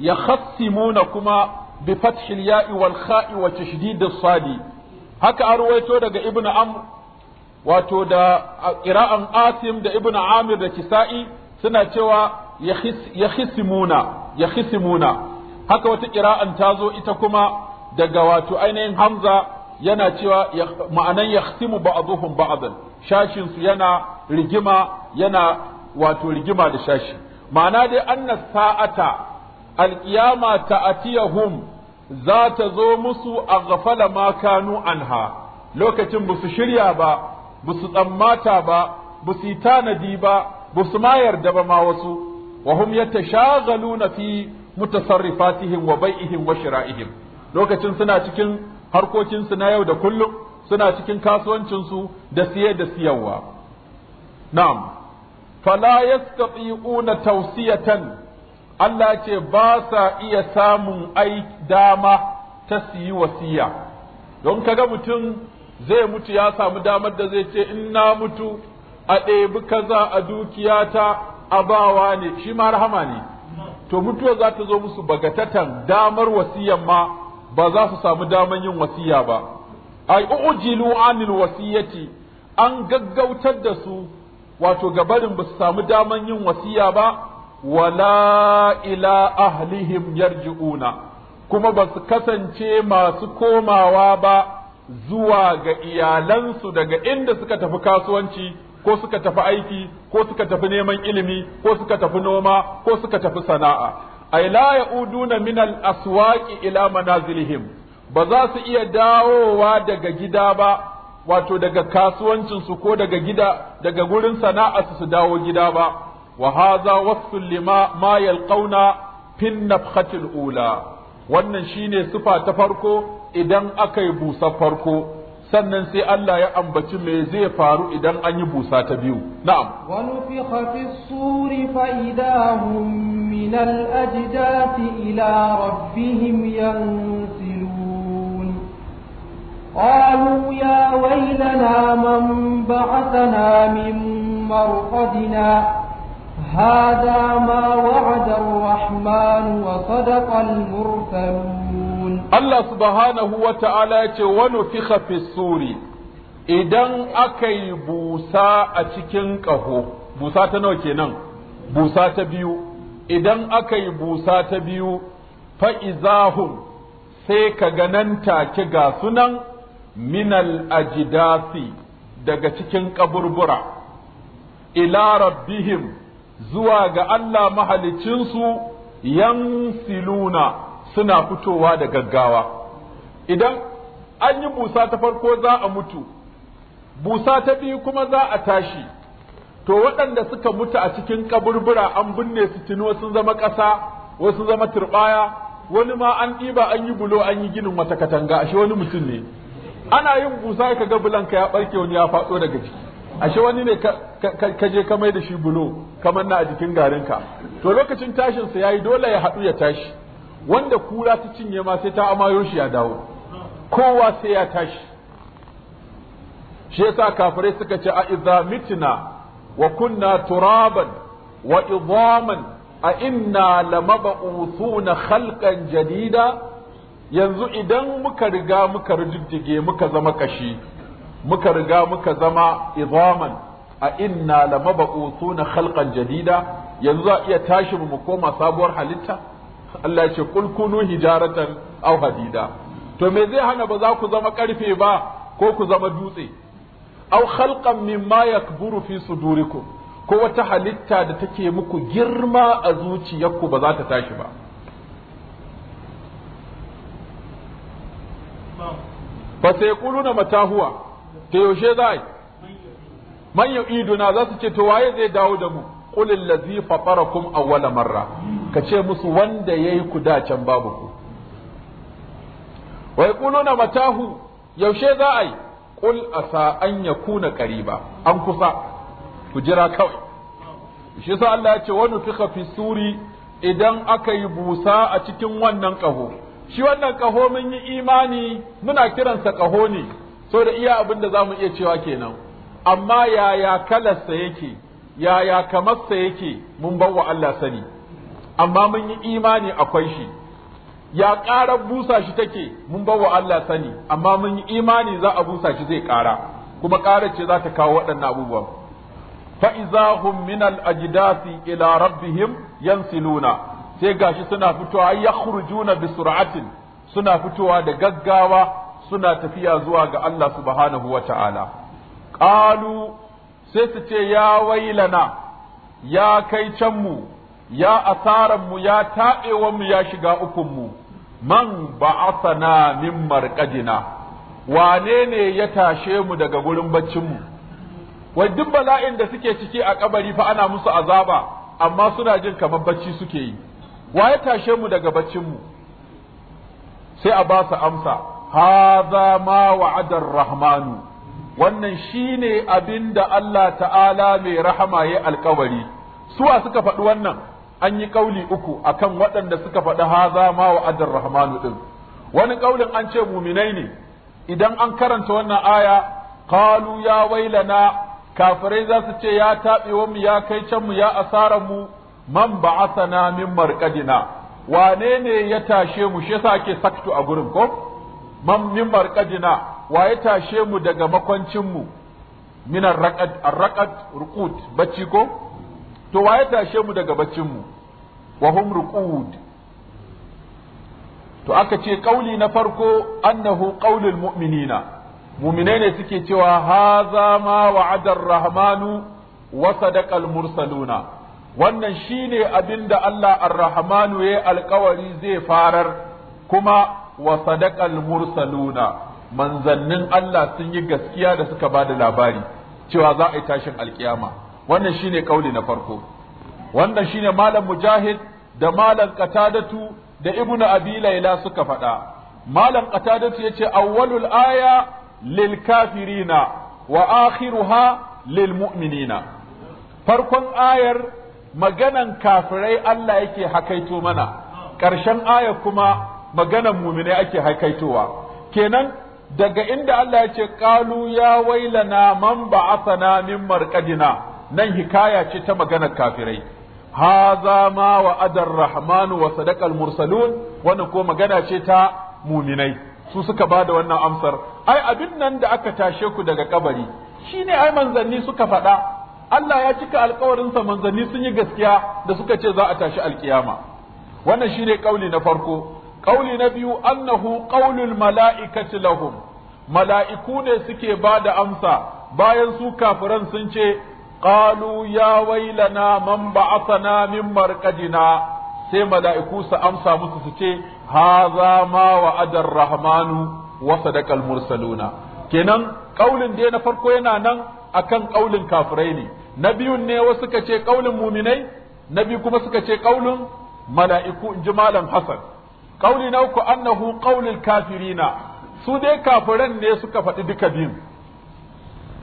yakhsimuna kuma bi fathil ya'i wal kha'i wa tashdid as-sadi haka an ruwaito daga ibnu amr wato da qira'an asim da ibnu amir da kisa'i suna cewa yakhisimuna yakhisimuna haka wata qira'an ta zo ita kuma daga wato ainihin hamza yana cewa ma'anan yakhsimu ba'dhum ba'dan shashin su yana rigima yana wato rigima da shashi ma'ana dai anna sa'ata alqiyama ta'atiyahum za ta zo musu a gafala ma kanu anha lokacin ba su shirya ba ba su tsammata ba ba su yi tanadi ba ba su mayar da ba ma wasu wa hum na fi mutasarrifatihim wa bai'ihim wa shira'ihim lokacin suna cikin harkokinsu na yau da kullum suna cikin kasuwancinsu da siye da siyarwa na'am fala yastati'una tawsiyatan Allah ce ba sa iya samun ai dama ta siyi wasiya don kaga mutum zai mutu ya samu damar da zai ce in na mutu a ɗebi kaza a dukiyata a bawa ne shi ma rahama ne to mutuwa za ta zo musu bagatatan damar wasiyan ma ba za su samu damar yin wasiya ba ai ujilu anil wasiyati an gaggautar da su wato gabarin ba su samu damar yin wasiya ba wala ila ahlihim yarji'una kuma basu kasance masu komawa ba zuwa ga iyalansu daga inda suka tafi kasuwanci ko suka tafi aiki ko suka tafi neman ilimi ko suka tafi noma ko suka tafi sana'a ay la ya'uduna min al-aswaqi ila manazilihim ba za su iya dawowa daga gida ba wato daga kasuwancinsu ko daga gida daga gurin sana'arsu su dawo gida ba Wahaza, hadha wasfun Ƙauna, ma yalqauna fin nafhatil ula wannan shine sifa ta farko idan aka yi busa farko sannan sai Allah ya ambaci me zai faru idan an yi busa ta biyu na'am
wa nufikha fis suri fa idahum min al ajdati ila rabbihim yansilun qalu ya waylana man ba'athana min marqadina هذا ما وعد الرحمن وصدق المرسلون الله سبحانه
وتعالى ونفخ في السور idan aka yi busa a cikin ƙaho busa ta nawa kenan busa ta biyu idan aka yi busa ta biyu fa'izahun sai ka ganan take ga sunan minal ajidasi daga cikin ƙaburbura ila rabbihim zuwa ga Allah mahalicinsu yansiluna suna fitowa da gaggawa idan an yi busa ta farko za a mutu busa ta biyu kuma za a tashi to waɗanda suka mutu a cikin kaburbura an binne su tuni wasu zama ƙasa wasu zama turɓaya wani ma an ɗiba an yi bulo an yi ginin wata katanga ashe wani mutum ne ana yin busa ka ga bulanka ya ɓarke wani ya faɗo daga ciki ashe wani ne ka je ka mai da shi bulo kamar na a jikin garinka to lokacin tashinsa ya yi dole ya haɗu ya tashi wanda kura ta cinye ma sai ta amayo shi ya dawo kowa sai ya tashi shi yasa kafirai suka ce a idza mitna wa kunna turaban wa idhaman a inna lamab'uthuna khalqan jadida yanzu idan muka riga muka rijiddige muka zama kashi muka riga muka zama izaman a inna la lamab'utuna khalqan jadida yanzu za iya tashi mu koma sabuwar halitta Allah ya ce kul kunu hijaratan aw hadida to me zai hana ba za ku zama karfe ba ko ku zama dutse
aw khalqan
mimma yakburu fi sudurikum ko wata halitta da take muku girma a zuciyarku ba za ta tashi ba fa sai kuluna mata huwa da yaushe za a yi manyan iduna. za su ce to waye zai dawo da mu qul allazi fatarakum awwala marra ka ce musu wanda yayi ku da can babu ku wa na matahu yaushe za a yi qul asa an yakuna qariba an kusa ku jira kawai shi sa Allah ya ce wa nufikha fi suri idan aka yi busa a cikin wannan kaho shi wannan kaho mun yi imani muna kiransa kaho ne so da iya abin da za mu iya cewa kenan amma yaya kalarsa yake yaya kamarsa yake mun bar wa Allah sani amma mun yi imani akwai shi ya ƙara busa shi take mun bar wa Allah sani amma mun yi imani za a busa shi zai ƙara kuma ƙara ce za ta kawo waɗannan abubuwan fa'iza hum min al-ajdasi ila rabbihim yansiluna sai gashi suna fitowa yakhrujuna bi sur'atin suna fitowa da gaggawa suna tafiya zuwa ga Allah subhanahu wa ta'ala. Ƙalu sai su ce, Ya wailana, ya kai canmu, ya asaranmu, ya taɓewanmu, ya shiga ukunmu, man ba'asana min marƙadina, wane ne ya tashe mu daga gurin baccinmu? Wai duk bala'in da suke ciki a ƙabari fa ana musu azaba, amma suna jin kamar bacci suke yi. Wa ya tashe mu daga baccinmu? Sai a ba su amsa, hadha ma wa'ada ar-rahman wannan shine abinda Allah ta'ala mai rahama ya alkawari suwa suka faɗi wannan an yi kauli uku akan waɗanda suka faɗi hadha ma wa'ada ar-rahman din wani kaulin an ce muminai ne idan an karanta wannan aya qalu ya wailana kafirai za su ce ya taɓewa mu ya kai can mu ya asarar mu man ba'athana min marqadina wane ne ya tashe mu shi yasa ake saktu a gurin ko man min wa ya tashe mu daga makwancin mu min arraqad arraqad ruqud bacci ko to ya tashe mu daga baccin mu wa hum ruqud to aka ce kauli na farko annahu qaulul mu'minina mu'minai ne suke cewa haza ma wa'ada rahmanu wa sadaqal mursaluna wannan shine abinda Allah ar-rahmanu yayi alkawari zai farar kuma wa sadaqal mursaluna manzannin Allah sun yi gaskiya da suka ba da labari cewa za a yi tashin alkiyama wannan shine kauli na farko wannan shine malam mujahid da malam qatadatu da ibnu abi laila suka faɗa malam qatadatu yace awwalul aya lil kafirina wa akhiruha lil mu'minina farkon ayar maganan kafirai Allah yake hakaito mana ƙarshen ayar kuma maganan muminai ake haikaitowa kenan daga inda Allah ya ce qalu ya wailana man ba'athana min marqadina nan hikaya ce ta maganar kafirai haza ma wa adar rahman wa sadaqal mursalun wannan ko magana ce ta muminai su suka bada wannan amsar ai abin nan da aka tashe ku daga kabari shine ai manzanni suka faɗa Allah ya cika alkawarinsa manzanni sun yi gaskiya da suka ce za a tashi alkiyama wannan shine kauli na farko Ƙauli na biyu annahu qaulul mala'ikati lahum mala'iku ne suke ba da amsa bayan su kafiran sun ce qalu ya wailana man ba'athana min marqadina sai mala'iku su amsa musu su ce haza ma wa'adar rahmanu wa sadaqal mursaluna kenan kaulin dai na farko yana nan akan kaulin kafirai ne na biyun ne wasu suka ce kaulin muminai na biyu kuma suka ce kaulin mala'iku in ji malam Hassan. ƙauli na uku annahu ƙaunin kafirina su dai kafiran ne suka faɗi duka biyun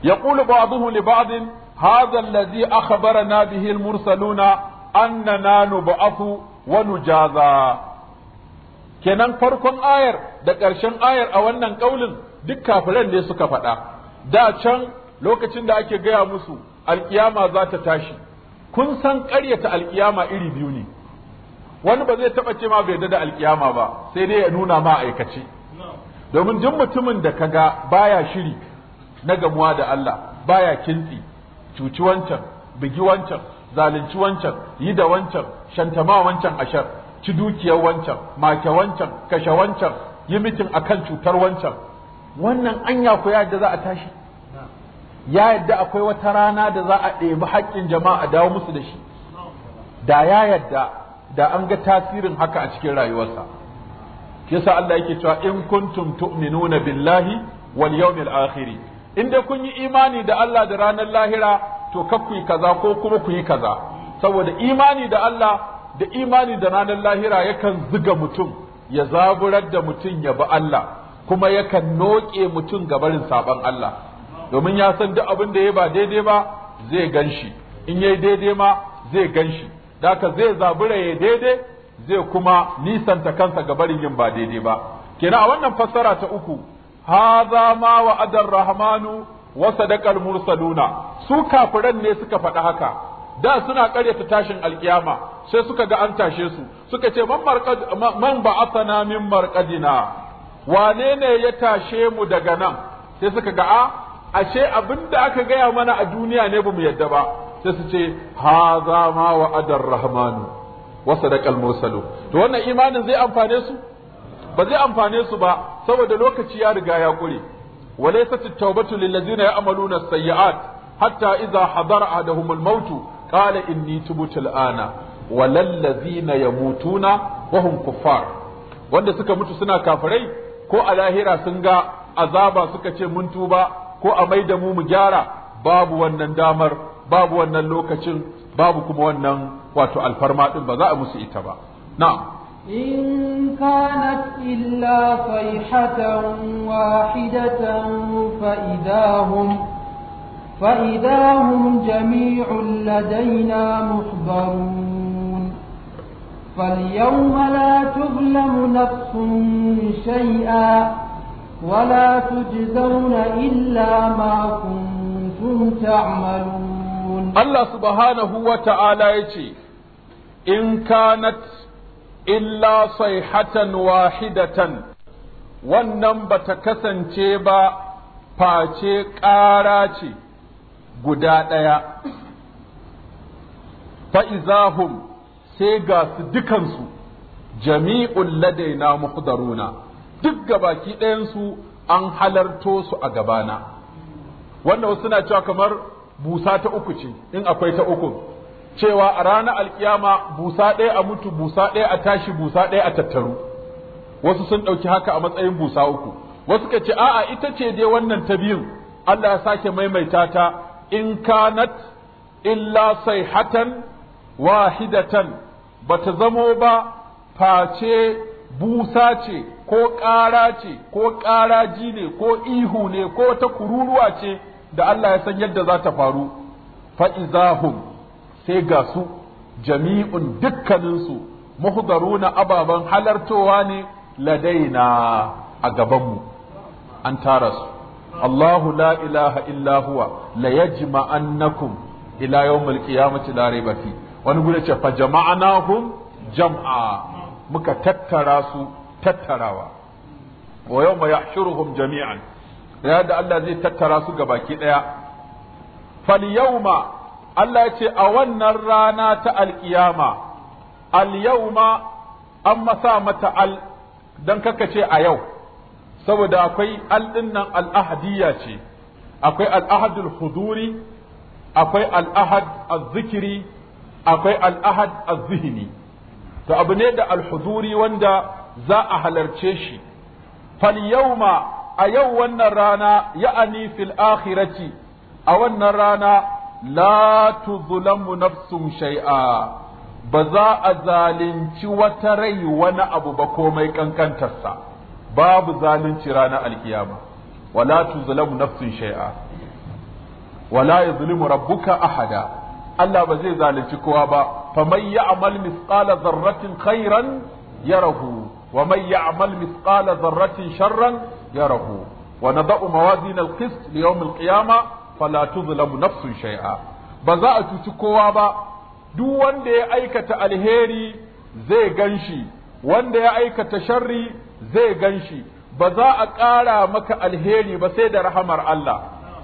ya ƙulu ba'duhu li ba'din hadha allazi akhbarana bihi al-mursaluna annana nub'athu wani jaza. kenan farkon ayar da ƙarshen ayar a wannan ƙaulin duk kafiran ne suka faɗa da can lokacin da ake gaya musu alƙiyama za ta tashi kun san ƙaryata alƙiyama iri biyu ne wani ba zai taba ce ma bai da alkiyama ba sai dai ya nuna ma aikace domin duk mutumin da ka ga baya shiri na gamuwa da Allah baya kintsi cuci wancan bigi wancan zalunci wancan yi da wancan shantama wancan ashar ci dukiyar wancan make wancan kashe wancan yi mitin akan cutar wancan wannan anya ko yadda za a tashi ya yadda akwai wata rana da za a ɗebi haƙƙin jama'a dawo musu da shi da ya yadda da an ga tasirin haka a cikin rayuwarsa kisa Allah yake cewa in kuntum tu'minuna billahi wal yawmil akhir in dai kun yi imani da Allah da ranar lahira to ka ku yi kaza ko kuma ku yi kaza saboda imani da Allah da imani da ranar lahira yakan zuga mutum ya zaburar da mutum ya bi Allah kuma yakan noke mutum ga barin saban Allah domin ya san duk abin da ya ba daidai ba zai gan shi. in yayi daidai ma zai gan shi. daka zai zabura ya daidai zai kuma nisanta kansa ga barin yin ba daidai ba kenan a wannan fassara ta uku haza ma wa adar rahmanu wa sadaqal mursaluna su kafiran ne suka faɗi haka da suna ƙaryata tashin alkiyama sai suka ga an tashe su suka ce man marqad man ba'athana min marqadina wane ne ya tashe mu daga nan sai suka ga a ashe abin da aka gaya mana a duniya ne mu yadda ba sai su ce haza ma wa'adar rahmanu wa sadaqal mursalu to wannan imanin zai amfane su ba zai amfane su ba saboda lokaci ya riga ya kure walaysat at-taubatu lil ladzina ya'maluna sayyiat hatta idza hadara ahaduhum al-maut qala inni tubtu al-ana walal ladzina yamutuna wa hum kuffar wanda suka mutu suna kafirai ko a lahira sun ga azaba suka ce mun tuba ko a maida mu mu gyara babu wannan damar babu wannan lokacin babu kuma wannan wato alfarma din ba za a musu ita ba na'am
in kanat illa sayhatan wahidatan fa idahum fa idahum jami'un ladaina muhdarun فاليوم لا تظلم نفس شيئا ولا تجزون إلا ما كنتم تعملون
Allah subhanahu wa ta'ala ya ce, In kanat illa sayhatan wahidatan, wannan ba ta kasance ba face ƙara ce guda ɗaya, fa'izahum sai ga su dukansu, jami'un ladaina muhdaruna duk ga baki ɗayansu an halarto su a gabana. Wannan suna cewa kamar busa ta uku ce in akwai ta uku cewa a ranar alkiyama busa ɗaya a mutu busa ɗaya a tashi busa ɗaya a tattaru wasu sun ɗauki haka a matsayin busa uku wasu ka ce a'a ita ce dai wannan ta biyun Allah ya sake maimaita ta in kanat illa sayhatan wahidatan ba ta zamo ba face busa ce ko ƙara ce ko ƙaraji ne ko ihu ne ko ta kururuwa ce da Allah ya san yadda za ta faru fa'izahun sai ga su jami'un dukkaninsu na ababen halartowa ne ladaina a gabanmu an tara su Allahu la ilaha illa huwa la yajma'annakum ila yawmil qiyamati la raiba fi wani gudu ce fa jama'anahum jam'a muka tattara su tattarawa wa yawma yahshuruhum jami'an da da Allah zai tattara su ga baki ɗaya fal yauma Allah ya ce a wannan rana ta alkiyama al yauma an masa mata al dan kaka ce a yau saboda akwai al dinnan al ce akwai al huduri akwai al'ahad ahad az-zikri akwai al ahad az-zihni to abu ne da al huduri wanda za a halarce shi fal yauma a yau wannan rana ya ani fil akhirati a wannan rana la tuzlamu nafsun shay'a ba za a zalunci wata rai wani abu ba komai kankantarsa babu zalunci ranar alkiyama wala tuzlamu nafsun shay'a wala yuzlimu rabbuka ahada Allah ba zai zalunci kowa ba faman ya'mal mithqala dharratin khairan yarahu wa man ya'mal mithqala zarracin sharran Ya rahu. nadau mawazin al-qist li yawm al-qiyama nafsun Shai'a. ba za a cuci kowa ba duk wanda ya aikata alheri zai gan shi, wanda ya aikata sharri zai gan shi. ba za a ƙara maka alheri ba sai da rahamar Allah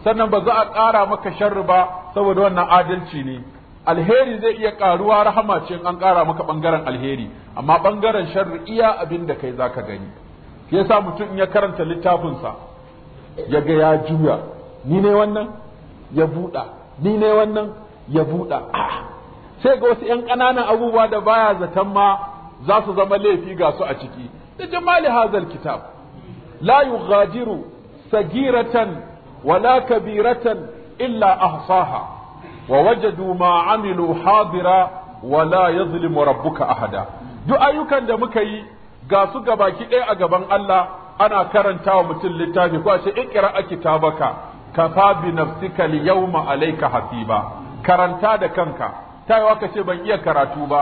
sannan ba za a ƙara maka sharri ba saboda wannan adalci ne alheri zai iya ƙaruwa rahama ce an ƙara maka ɓangaren alheri amma ɓangaren sharri iya abinda kai za ka gani shi sa mutum ya karanta littafinsa ya ga ya juya ni ne wannan ya buɗa ni ne wannan ya buɗa sai ga wasu ‘yan ƙananan abubuwa da baya zaton ma za su zama laifi ga su a ciki da jamali hazal kitab la yughadiru sagiratan wala kabiratan illa ahsaha wa wajadu ma amilu hadira wala yazlimu rabbuka ahada duk ayyukan da muka yi ga su ga baki ɗaya a gaban Allah ana karanta wa mutum littafi ko a ce ikira a ka kafa bi nafsika li yawma alayka hasiba karanta da kanka tayawa ka ce ban iya karatu ba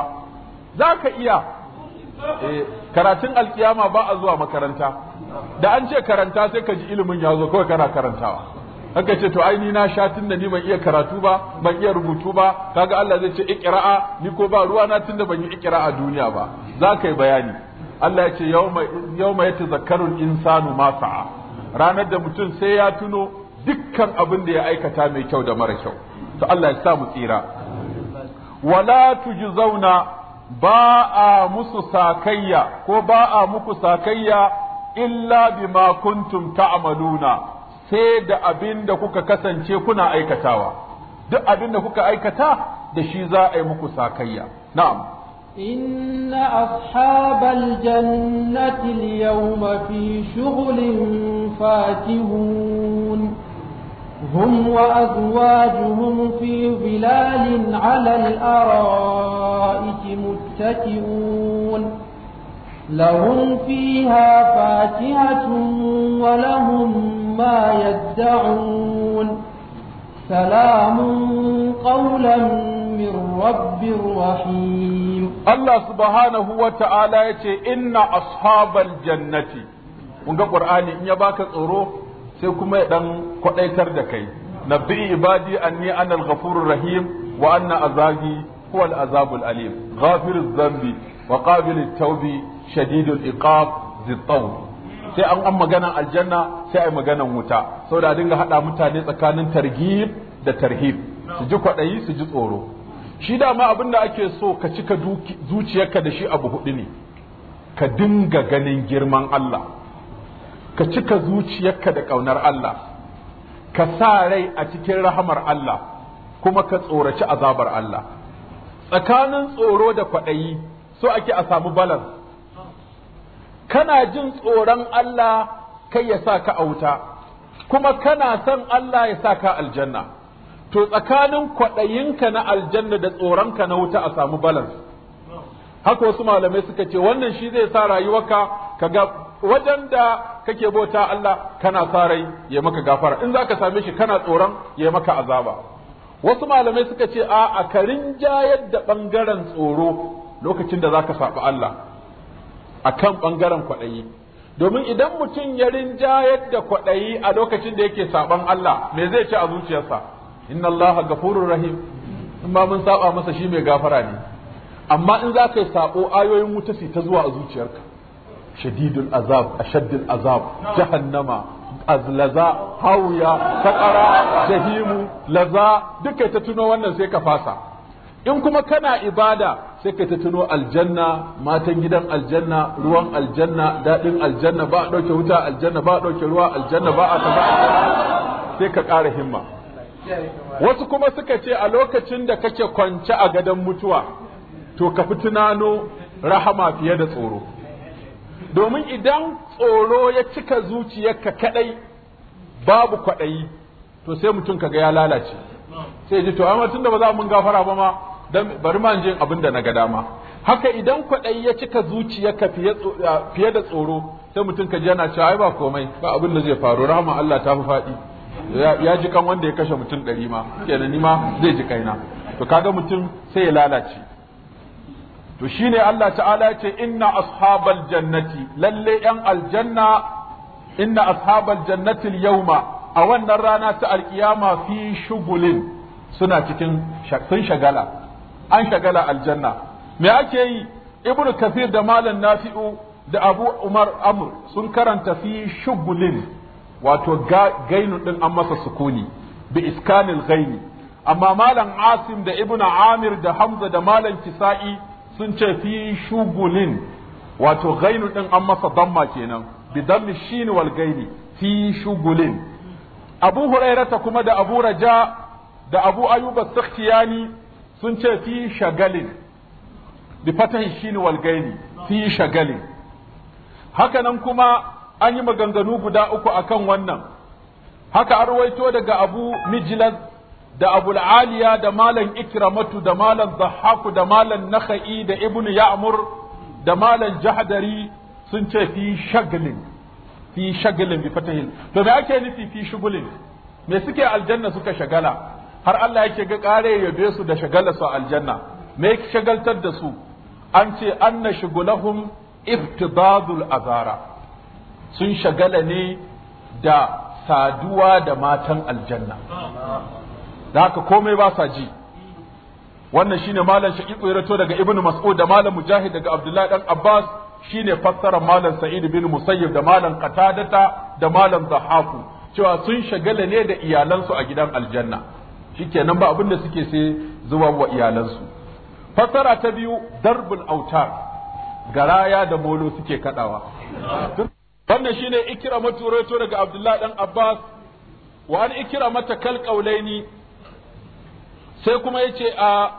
za ka iya eh, karatun alkiyama ba a zuwa makaranta da an ce karanta sai ka ji ilimin ya zo kawai kana karantawa haka ce to ai ni na sha tunda ni ban iya karatu ba ban iya rubutu ba kaga Allah zai ce iqra'a ni ko ba ruwa na tunda ban yi iqra'a duniya ba za ka yi bayani Allah ya ce yawma zakarun insanu ma sa'a ranar da mutum sai ya tuno dukkan abin da ya aikata mai kyau da mara kyau to Allah ya sa mu tsira wala zauna ba a musu sakayya ko ba a muku sakayya illa bi bima kuntum ta'maluna sai da abin da kuka kasance kuna aikatawa duk abin da kuka aikata da shi za a yi muku sakayya na'am
إن أصحاب الجنة اليوم في شغل فاتهون هم وأزواجهم في ظلال على الأرائك متكئون لهم فيها فاكهة ولهم ما يدعون سلام قولا من رب رحيم الله سبحانه
وتعالى يتي إن أصحاب الجنة kun ga Qur'ani in ya baka tsoro sai kuma ya ɗan kwadaitar da kai nabbi ibadi anni ana al-ghafurur rahim wa anna azabi huwa al-azabul alim ghafirudh wa qabilut tawbi shadidul iqab zittaw sai an an maganan aljanna sai ai maganan wuta saboda dinga haɗa mutane tsakanin targhib da tarhib su ji kwaɗayi su ji tsoro shi dama abin da ake so ka cika zuciyarka da shi abu hudu ne ka dinga ganin girman Allah ka cika zuciyarka da ƙaunar Allah ka sa rai a cikin rahamar Allah kuma ka tsoraci azabar Allah tsakanin tsoro da kwaɗayi so ake a samu balan. kana jin tsoron Allah kai ya sa ka auta kuma kana son Allah ya sa ka aljanna to tsakanin kwaɗayinka na aljanna da tsoronka na wuta a samu balance haka wasu malamai suka ce wannan shi zai sa rayuwarka ka ga wajen da kake bauta Allah kana sarai ya maka gafara in zaka same shi kana tsoron ya maka azaba wasu malamai suka ce a a karin jayar da bangaren tsoro lokacin da zaka saba Allah akan bangaren kwaɗayi domin idan mutum ya rinjayar da kwaɗayi a lokacin da yake saban Allah me zai ci a zuciyarsa inna allaha ghafurur rahim in ma mun saba masa shi mai gafara ne amma in za ka yi sabo ayoyin wuta su ta zuwa a zuciyarka shadidul azab ashaddul azab jahannama azlaza hauya sakara jahimu laza duka ta tuno wannan sai ka fasa in kuma kana ibada sai ka ta tuno aljanna matan gidan aljanna ruwan aljanna daɗin aljanna ba a ɗauke wuta aljanna ba a ɗauke ruwa aljanna ba a taɓa sai ka ƙara himma wasu kuma suka ce a lokacin da kake kwance a gadon mutuwa to ka fi tunano rahama fiye da tsoro domin idan tsoro ya cika zuciyarka kadai babu kwaɗayi to sai mutum kaga ya lalace sai ji to amma tunda ba za mun gafara ba ma dan bari ma jin abin da na ga dama haka idan kwaɗayi ya cika zuciyarka fiye da tsoro sai mutum ka ji yana cewa ai ba komai ba abin da zai faru rahama Allah ta fi faɗi ya ji kan wanda ya kashe mutum ɗari ma kenan ni ma zai ji kaina to kaga mutum sai ya lalace to shine Allah ta'ala ce inna ashabal jannati lalle yan aljanna inna ashabal jannati yau yawma a wannan rana ta alkiyama fi shugulin suna cikin sun shagala an shagala aljanna me ake yi ibnu kafir da malam nafi'u da abu umar amr sun karanta fi shugulin wato Gainu din an masa sukuni bi iskanil gaini amma malam asim da ibn amir da hamza da malam kisa'i sun ce fi shugulin wato Gainu din an masa damma kenan bi dammi shin wal gaini fi shugulin abu hurairata kuma da abu raja da abu Ayuba, sakhtiyani sun ce fi shagalin bi fatahi shin wal gaini fi shagalin haka nan kuma an yi maganganu guda uku akan wannan haka ruwaito daga abu mijlad da abu aliya da malam ikramatu da malam zahaku da malam nakha'i da ibnu ya'mur da malam jahdari sun ce fi shaglin fi shaglin bi to me ake nufi fi shugulin me suke aljanna suka shagala har Allah yake ga kare yabe su da shagala su aljanna me yake shagaltar da su an ce anna shugulahum iftidadul azara sun shagala ne da saduwa da matan aljanna da haka komai ba sa ji wannan shine malam shaqiqu rato daga ibnu mas'ud da malam mujahid daga abdullahi dan abbas shine fassara malam sa'id bin musayyib da malam qatadata da malam Zahafu. cewa sun shagala ne da iyalansu a gidan aljanna shikenan ba abin da suke sai zuwa wa iyalansu fassara ta biyu darbul autar garaya da molo suke kadawa wannan shine ikira maturaito daga abdullahi dan abbas wa an ikira mata kal qaulaini sai kuma yace a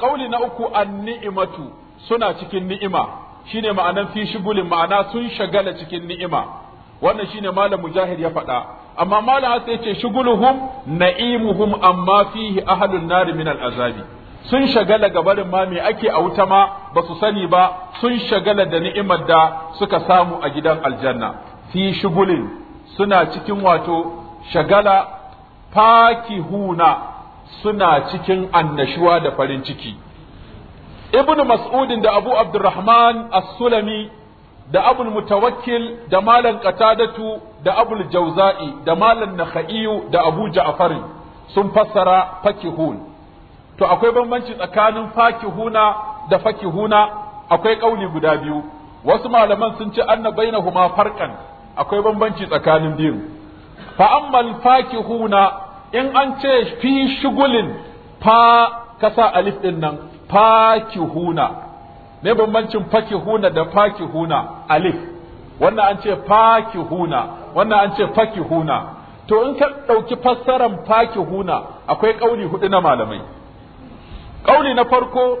qauli na uku an ni'imatu suna cikin ni'ima shine ma'anan fi shigulin ma'ana sun shagala cikin ni'ima wannan shine malam mujahid ya faɗa amma malam hasa yace shuguluhum na'imuhum amma fihi ahlun nari min al azabi sun shagala ga barin ma me ake a wuta ma ba su sani ba sun shagala da ni'imar da suka samu a gidan aljanna fi shugulin suna cikin wato shagala fakihuna suna cikin annashuwa da farin ciki ibn mas'udin da abu abdurrahman as-sulami da abul mutawakkil da malam qatadatu da abul jauza'i da malam nakha'iyu da abu ja'far sun fassara fakihun to akwai bambanci tsakanin fakihuna da fakihuna akwai kauli guda biyu wasu malaman sun ce anna bainahuma farkan. akwai bambanci tsakanin biyu fa ammal fakihuna in an ce fi shugulin fa kasa alif din nan fakihuna Me bambancin fakihuna da fakihuna alif wannan an ce fakihuna wannan an ce fakihuna to in ka ɗauki fassaran fakihuna akwai ƙauli hudu na malamai ƙauli na farko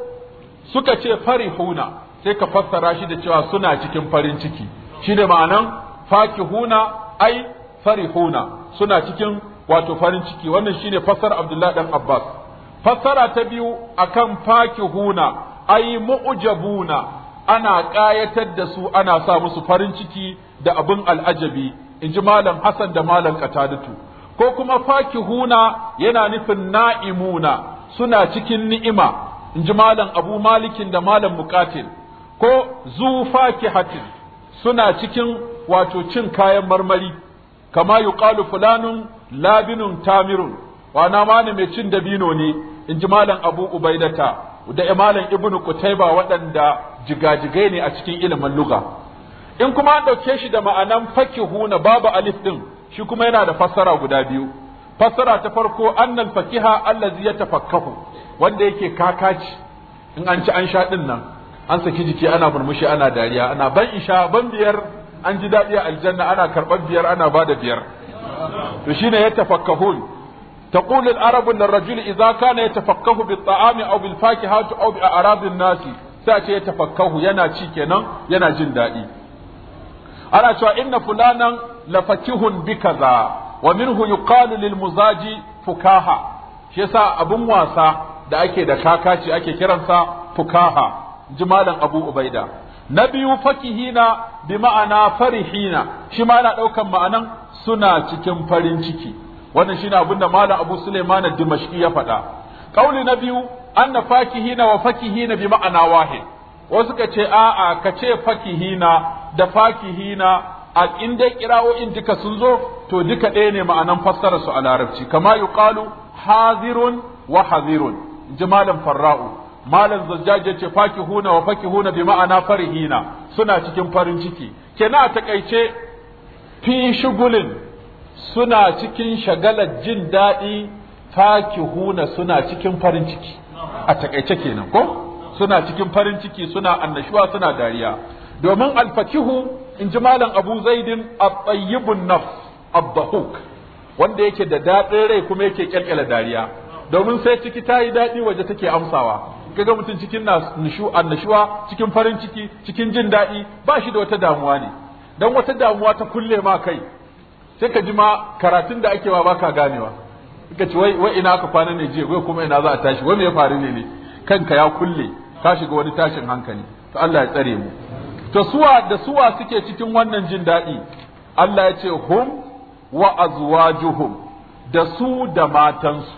suka ce farihuna sai ka fassara shi da cewa suna cikin farin ciki shi da ma'anan fakihuna ai farihuna suna cikin wato farin ciki wannan shine fassar Abdullahi dan Abbas fassara ta biyu akan fakihuna ai mu'ujabuna ana ƙayatar da su ana sa musu farin ciki da abin al'ajabi in ji malam Hassan da malam Qatadatu ko kuma fakihuna yana nufin na'imuna suna cikin ni'ima in ji malam abu malikin da malam bukatin ko zu hatin suna cikin wato cin kayan marmari kama yuqalu fulanun labinun tamirun wana ma ne mai cin dabino ne in ji malam abu ubaidata da malam ibnu kutaiba waɗanda jigajigai ne a cikin ilimin luga in kuma an ɗauke shi da ma'anan fakihuna babu alif ɗin shi kuma yana da fassara guda biyu fassara ta farko annal fakiha allazi yatafakkahu wanda yake kakaci in an ci an sha din nan an saki jiki ana murmushi ana dariya ana ban isha, ban biyar an ji daɗi a aljanna ana karɓar biyar ana ba da biyar to shine yatafakkahun تقول العرب للرجل إذا كان يتفقه بالطعام أو بالفاكهة أو بأعراض الناس سأتي يتفقه ينا تشيكنا ينا جندائي أنا شو إن فلانا لفتيه بكذا wa minhu yuqalu lil muzaji fukaha shi yasa abun wasa da ake da kakaci ake kiransa fukaha ji malam abu ubaida na biyu fakihina bi ma'ana farihina shi ma na daukan ma'anan suna cikin farin ciki wannan shine abin da malam abu ad dimashqi ya faɗa Ƙauli na biyu anna fakihina wa fakihina bi ma'ana wahid wasu ka ce a'a ka ce fakihina da fakihina a inda kira'o'in duka sun zo to duka ɗaya ne ma'anan fassara su a larabci kama ƙalu hazirun wa hazirun ji malam farra'u malam zajjaje ce huna wa fakihuna bi ma'ana farihina suna cikin farin ciki kenan a takaice fi shugulin suna cikin shagalar jin daɗi huna suna cikin farin ciki a takaice kenan ko suna cikin farin ciki suna annashuwa suna dariya domin alfakihu in ji malam abu zaidin abayyibun nafs abbahuk wanda yake da daɗin rai kuma yake kyalkyala dariya domin sai ciki ta yi daɗi waje take amsawa kaga mutum cikin annashuwa cikin farin ciki cikin jin daɗi ba shi da wata damuwa ne dan wata damuwa ta kulle ma kai sai ka ji ma karatun da ake wa baka ganewa ka ci wai ina ka kwana ne jiya wai kuma ina za a tashi Wani ya faru ne ne kanka ya kulle ka shiga wani tashin hankali to Allah ya tsare mu da suwa da suwa suke cikin wannan jin daɗi Allah ya ce hum wa azwajuhum da su da matansu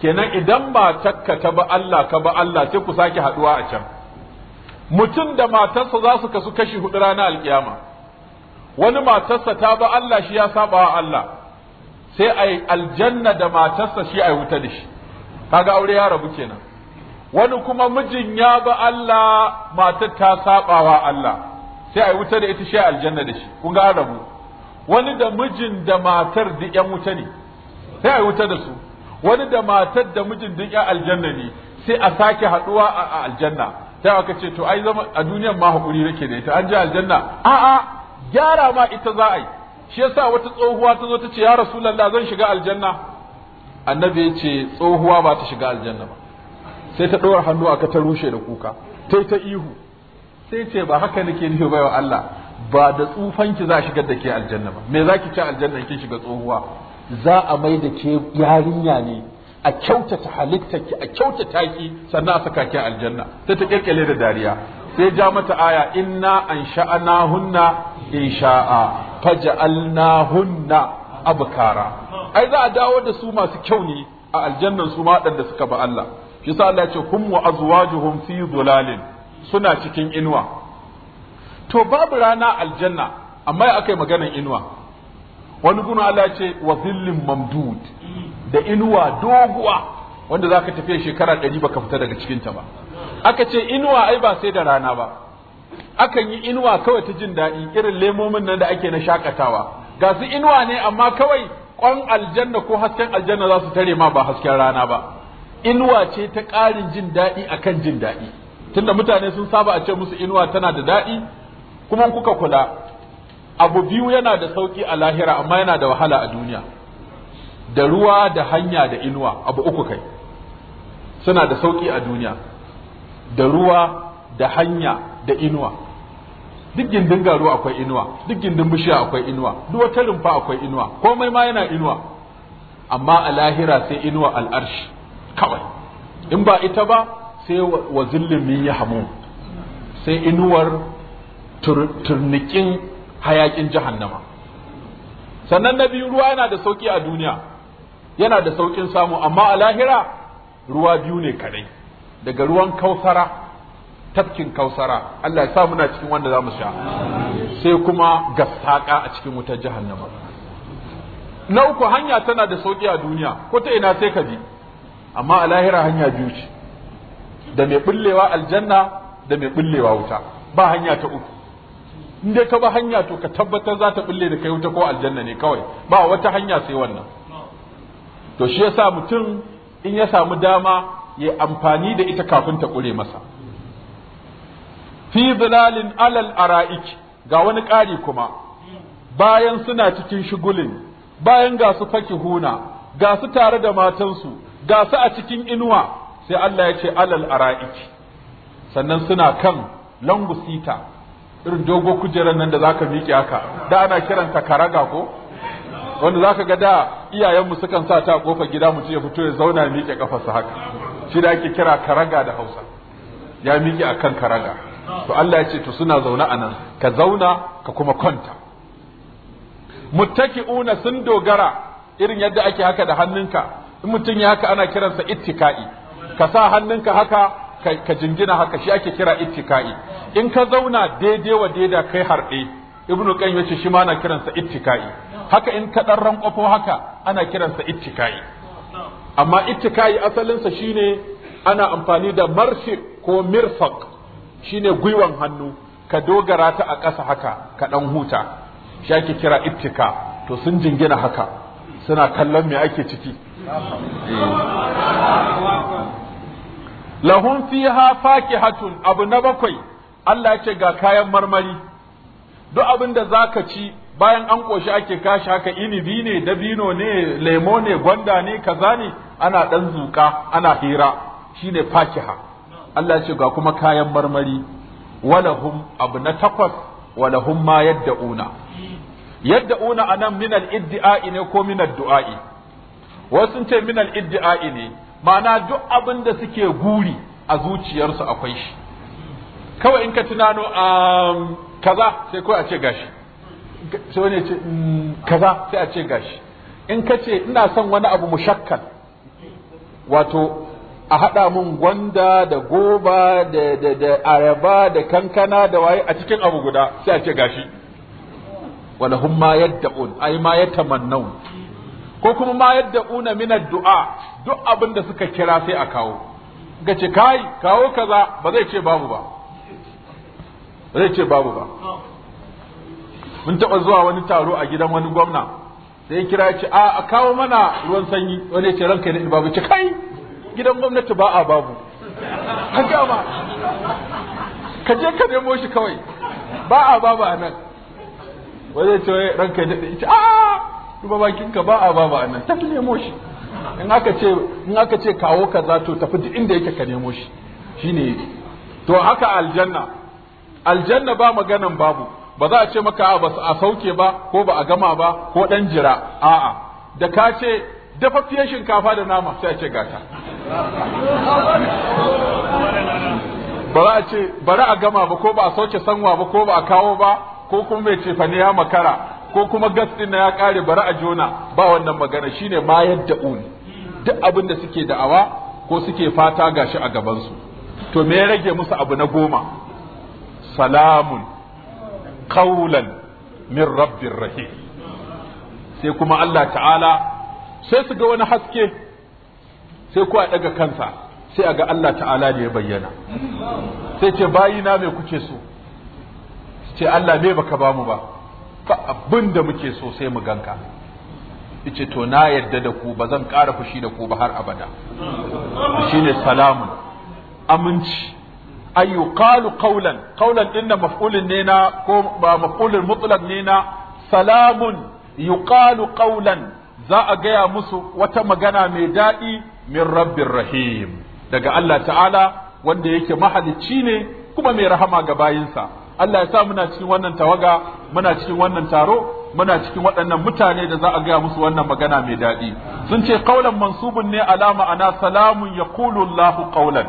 kenan idan matakka ta ba Allah ka ba Allah sai ku sake haɗuwa a can mutum da matarsa za su kasu kashi hudu ranar alkiyama wani matarsa ta ba Allah shi ya saba wa Allah sai ai aljanna da matarsa shi ai wuta da shi kaga aure ya rabu kenan wani kuma mijin ya ba Allah matar ta sabawa Allah sai a wuta da ita shi aljanna da shi kun ga rabu wani da mijin da matar duk yan wuta ne sai a wuta da su wani da matar da mijin duk yan aljanna ne sai a sake haduwa a aljanna sai aka ce to ai zama a duniyar ma hakuri nake da ita an je aljanna a a gyara ma ita za a yi shi yasa wata tsohuwa ta zo ta ce ya rasulullah zan shiga aljanna annabi ya ce tsohuwa ba ta shiga aljanna ba sai ta ɗora hannu aka ta rushe da kuka sai ta ihu sai ce ba haka nake nufi ba wa Allah ba da tsufanki za a shigar da ke aljanna ba me za ki ci aljanna kin shiga tsohuwa za a mai da ke yarinya ne a kyautata halitta ki a kyautata ki sannan a saka ki aljanna sai ta kirkire da dariya sai ja mata aya inna hunna insha'a hunna abkara ai za a dawo da su masu kyau ne a aljannan su ma waɗanda suka ba Allah shi sa Allah ya ce hum wa azwajuhum fi dhulalin suna cikin inuwa to babu rana aljanna amma ya akai maganan inuwa wani guna Allah ya ce wa dhillin mamdud da inuwa doguwa wanda zaka tafi shekara ɗari baka fita daga cikin ta ba aka ce inuwa ai ba sai da rana ba akan yi inuwa kawai ta jin daɗi irin lemomin nan da ake na shakatawa ga su inuwa ne amma kawai kwan aljanna ko hasken aljanna za su tare ma ba hasken rana ba inuwa ce ta ƙarin jin daɗi akan jin daɗi tunda mutane sun saba a ce musu inuwa tana da daɗi kuma kuka kula abu biyu yana da sauƙi a lahira amma yana da wahala a duniya da ruwa da hanya da inuwa abu uku kai suna da sauƙi a duniya da ruwa da hanya da inuwa duk gindin garu akwai inuwa duk gindin bishiya akwai inuwa duk wata rumfa akwai inuwa komai ma yana inuwa amma a lahira sai inuwa al'arshi kawai in ba ita ba sai wa zillimin ya hamu sai inuwar turnikin hayakin jahannama sannan na biyu ruwa yana da sauki a duniya yana da saukin samu amma a lahira ruwa biyu ne kadai daga ruwan kausara tafkin kausara Allah ya sa muna cikin wanda za mu sha sai kuma gassaka a cikin wutar jahannama na uku hanya tana da sauki a duniya ko ta ina sai ka bi amma a lahira hanya biyu ce da mai bullewa aljanna da mai bullewa wuta ba hanya ta uku in dai ka ba hanya to ka tabbatar za ta bulle da kai wuta ko aljanna ne kawai ba wata hanya sai wannan to shi yasa mutum in ya samu dama ya amfani da ita kafin ta kure masa fi zilalin alal ara'iki ga wani ƙari kuma bayan suna cikin shugulin bayan ga su fakihuna ga su tare da matansu ga su a cikin inuwa sai Allah ya ce alal ara'iki sannan suna kan langusita irin dogo kujerar nan da zaka miƙe haka da ana kiranta karaga ko wanda zaka ga da iyayenmu sukan sa ta kofa gida mutum ya fito ya zauna ya miƙe kafarsa haka shi da ake kira karaga da Hausa ya miƙe akan karaga to Allah ya ce to suna zauna a nan ka zauna ka kuma kwanta muttaki'una sun dogara irin yadda ake haka da hannunka in mutum ya haka ana kiransa ittika'i ka sa hannunka haka ka jingina haka shi ake kira ittika'i in ka zauna daidai wa daida kai harɗe ibnu qayyim yace shi ma ana kiransa ittika'i haka in ka dan rankwafo haka ana kiransa ittika'i amma ittika'i asalinsa shine ana amfani da marfi ko mirfaq shine gwiwan hannu ka dogara ta a ƙasa haka ka dan huta shi ake kira ittika to sun jingina haka suna kallon me ake ciki Eh. Lahun fiha fakihatun abu na bakwai Allah ya ce ga kayan marmari duk abin da ka ci bayan an koshi ake kashi haka inibi ne dabino ne lemo ne gwanda ne kaza ne ana dan zuka ana hira shine fakiha Allah ya ce ga kuma kayan marmari walahum abu na takwas walahum ma Yadda una anan min iddi'a'i ne ko min duai wasu ce min al ne ma'ana duk abin da suke guri a zuciyarsu akwai shi kawai in ka tunano a um, kaza sai kawai a ce gashi sai wani ce mm, kaza sai a ce gashi in ka ce ina son wani abu mushakkan wato a haɗa mun gwanda da goba da da da ayaba da kankana da waye a cikin abu guda sai a ce gashi wala humma yadda'un ay ma yatamannun ko kuma ma yadda una min addu'a duk abin da suka kira sai a kawo ga ce kai kawo kaza ba zai ce babu ba ba zai ce babu ba mun taɓa zuwa wani taro a gidan wani gwamna sai kira ya ce a a kawo mana ruwan sanyi wani ce ranka ne babu ce kai gidan gwamnati ba a babu ka gama
ka je ka nemo shi kawai
ba a babu a nan wani ce ranka ne ce a duba bakin ka ba a ba ba nan tafi nemo shi in aka ce in aka ce kawo kaza to tafi duk inda yake ka nemo shi shine to haka aljanna aljanna ba maganan babu ba za a ce maka a ba a sauke ba ko ba a gama ba ko dan jira a'a da ka ce dafaffiyar shinkafa da nama sai a ce gata ba za a ce bari a gama ba ko ba a sauke sanwa ba ko ba a kawo ba ko kuma mai cefane ya makara ko kuma gas din ya kare bari a jona ba wannan magana shine ma da uni duk abin da suke da'awa ko suke fata gashi a gabansu. to me ya rage musu abu na goma salamun qawlan min rabbir rahim sai kuma Allah ta'ala sai su ga wani haske sai a daga kansa sai a ga Allah ta'ala da ya bayyana sai ce bayina me kuke so ce Allah me baka bamu ba Fa abin da muke so sai mu ganka yace to na yadda da ku ba zan ƙara fushi da ku ba har abada
Shi ne salamun
aminci ay yuqalu qawlan qawlan inna maf'ulun ne na ko ba maf'ulun mutlaq ne na salamun yuqalu qawlan za a gaya musu wata magana mai daɗi min rabbir rahim daga Allah ta'ala wanda yake mahalicci ne kuma mai rahama ga bayinsa Allah ya sa muna cikin wannan tawaga muna cikin wannan taro muna cikin waɗannan mutane da za a gaya musu wannan magana mai daɗi sun ce qaulan Mansubin ne ala ma'ana salamun yaqulu Allahu ƙaulan.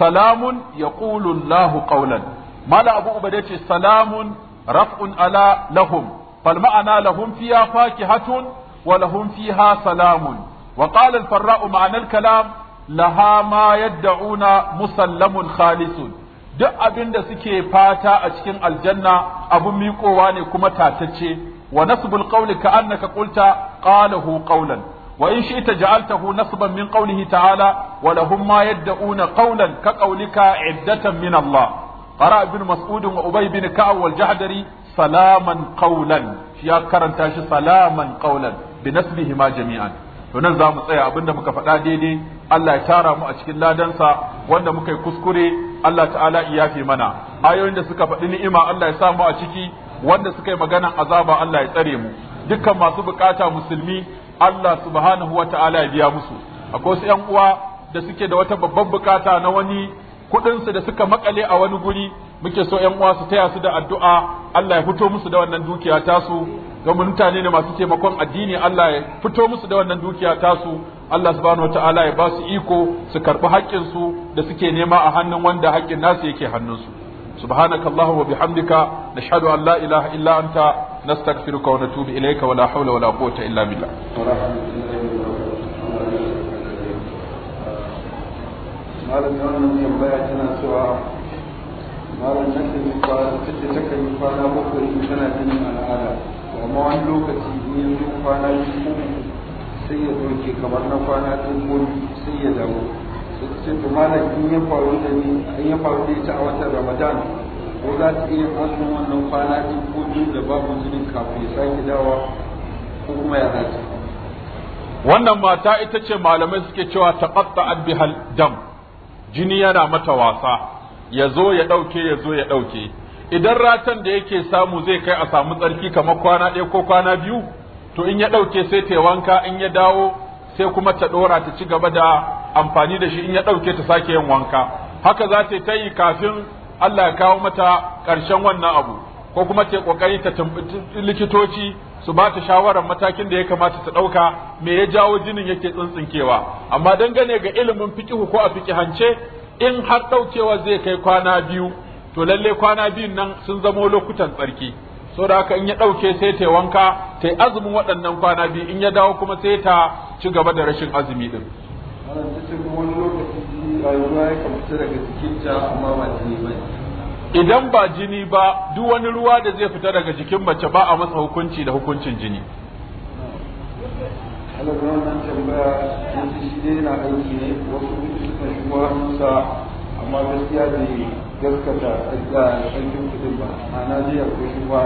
salamun yaqulu Allahu ƙaulan. mala abu ubada ce salamun raf'un ala lahum fal ma'ana lahum faki hatun wa lahum fiha salamun wa qala al-farra'u ma'anar kalam laha ma yad'una musallamun khalisun duk abin da suke fata a cikin aljanna abun miƙowa ne kuma tatacce wa nasbul qawli ka annaka qulta qalahu qawlan wa in shi'ta ja'altahu nasban min qawlihi ta'ala wa lahum ma yad'una qawlan ka qawlika iddatan min Allah qara ibn mas'ud wa ubay bin ka'ab wal jahdari salaman qawlan ya karanta shi salaman qawlan bi nasbihima jami'an to nan za mu tsaya abinda muka faɗa daidai Allah ya tara mu a cikin ladansa wanda muka yi kuskure Allah ta'ala iyafe mana ayoyin da suka faɗi ni'ima Allah ya samu a ciki wanda suka yi maganan azaba Allah ya tsare mu dukkan masu bukata musulmi Allah subhanahu wa ta'ala ya biya musu akwai su ƴan uwa da suke da wata babban bukata na wani kuɗinsu da suka makale a wani guri muke so ƴan uwa su taya su da addu'a Allah ya fito musu da wannan dukiya tasu ga mutane ne masu taimakon addini Allah ya fito musu da wannan dukiya tasu Allah subhanahu wataala ya ba su iko su karbi haƙƙin su da suke nema a hannun wanda haƙƙin nasu yake hannunsu subhanakallahumma wa bihamdika nashhadu an la ilaha illa anta nastaghfiruka wa natubu ilayka wa la hawla wa la quwwata illa billah
malamin wannan tambaya tana cewa malam nan da take ta kai kwana bakwai tana jinin al'ada amma wani lokaci in yanzu kwana biyu sai ya doke kamar na kwana biyu sai ya dawo sai to malam in ya faru da ni in ya faru da ita a watan ramadan ko za ta iya azumin wannan kwana biyu da babu jinin kafin ya sake dawa ko kuma ya zaci
wannan mata ita ce malamai suke cewa ta taqatta'at bihal dam jini yana mata wasa ya zo ya ɗauke ya zo ya ɗauke idan ratan da yake samu zai kai a samu tsarki kamar kwana ɗaya ko kwana biyu to in ya ɗauke sai ta wanka in ya dawo sai kuma ta ɗora ta ci gaba da amfani da shi in ya ɗauke ta sake yin wanka haka za ta ta yi kafin Allah ya kawo mata ƙarshen wannan abu ko kuma ta ƙoƙari ta likitoci su ba ta shawarar matakin da ya kamata ta ɗauka me ya jawo jinin yake tsintsinkewa amma dangane ga ilimin fiƙihu ko a hance, in har ɗaukewa zai kai kwana biyu to lalle kwana biyun nan sun zamo lokutan tsarki so da haka in ya ɗauke sai ta wanka ta yi azumin waɗannan kwana biyu in ya dawo kuma sai ta ci gaba da rashin azumi din.
idan ba jini
ba duk wani ruwa da zai fita daga jikin mace ba a masa hukunci da hukuncin jini.
Allah wannan tambaya shi ne na aiki ne wasu amma gaskiya yi gaskata tsarkin kudin ba ma'ana zai akwai shi ba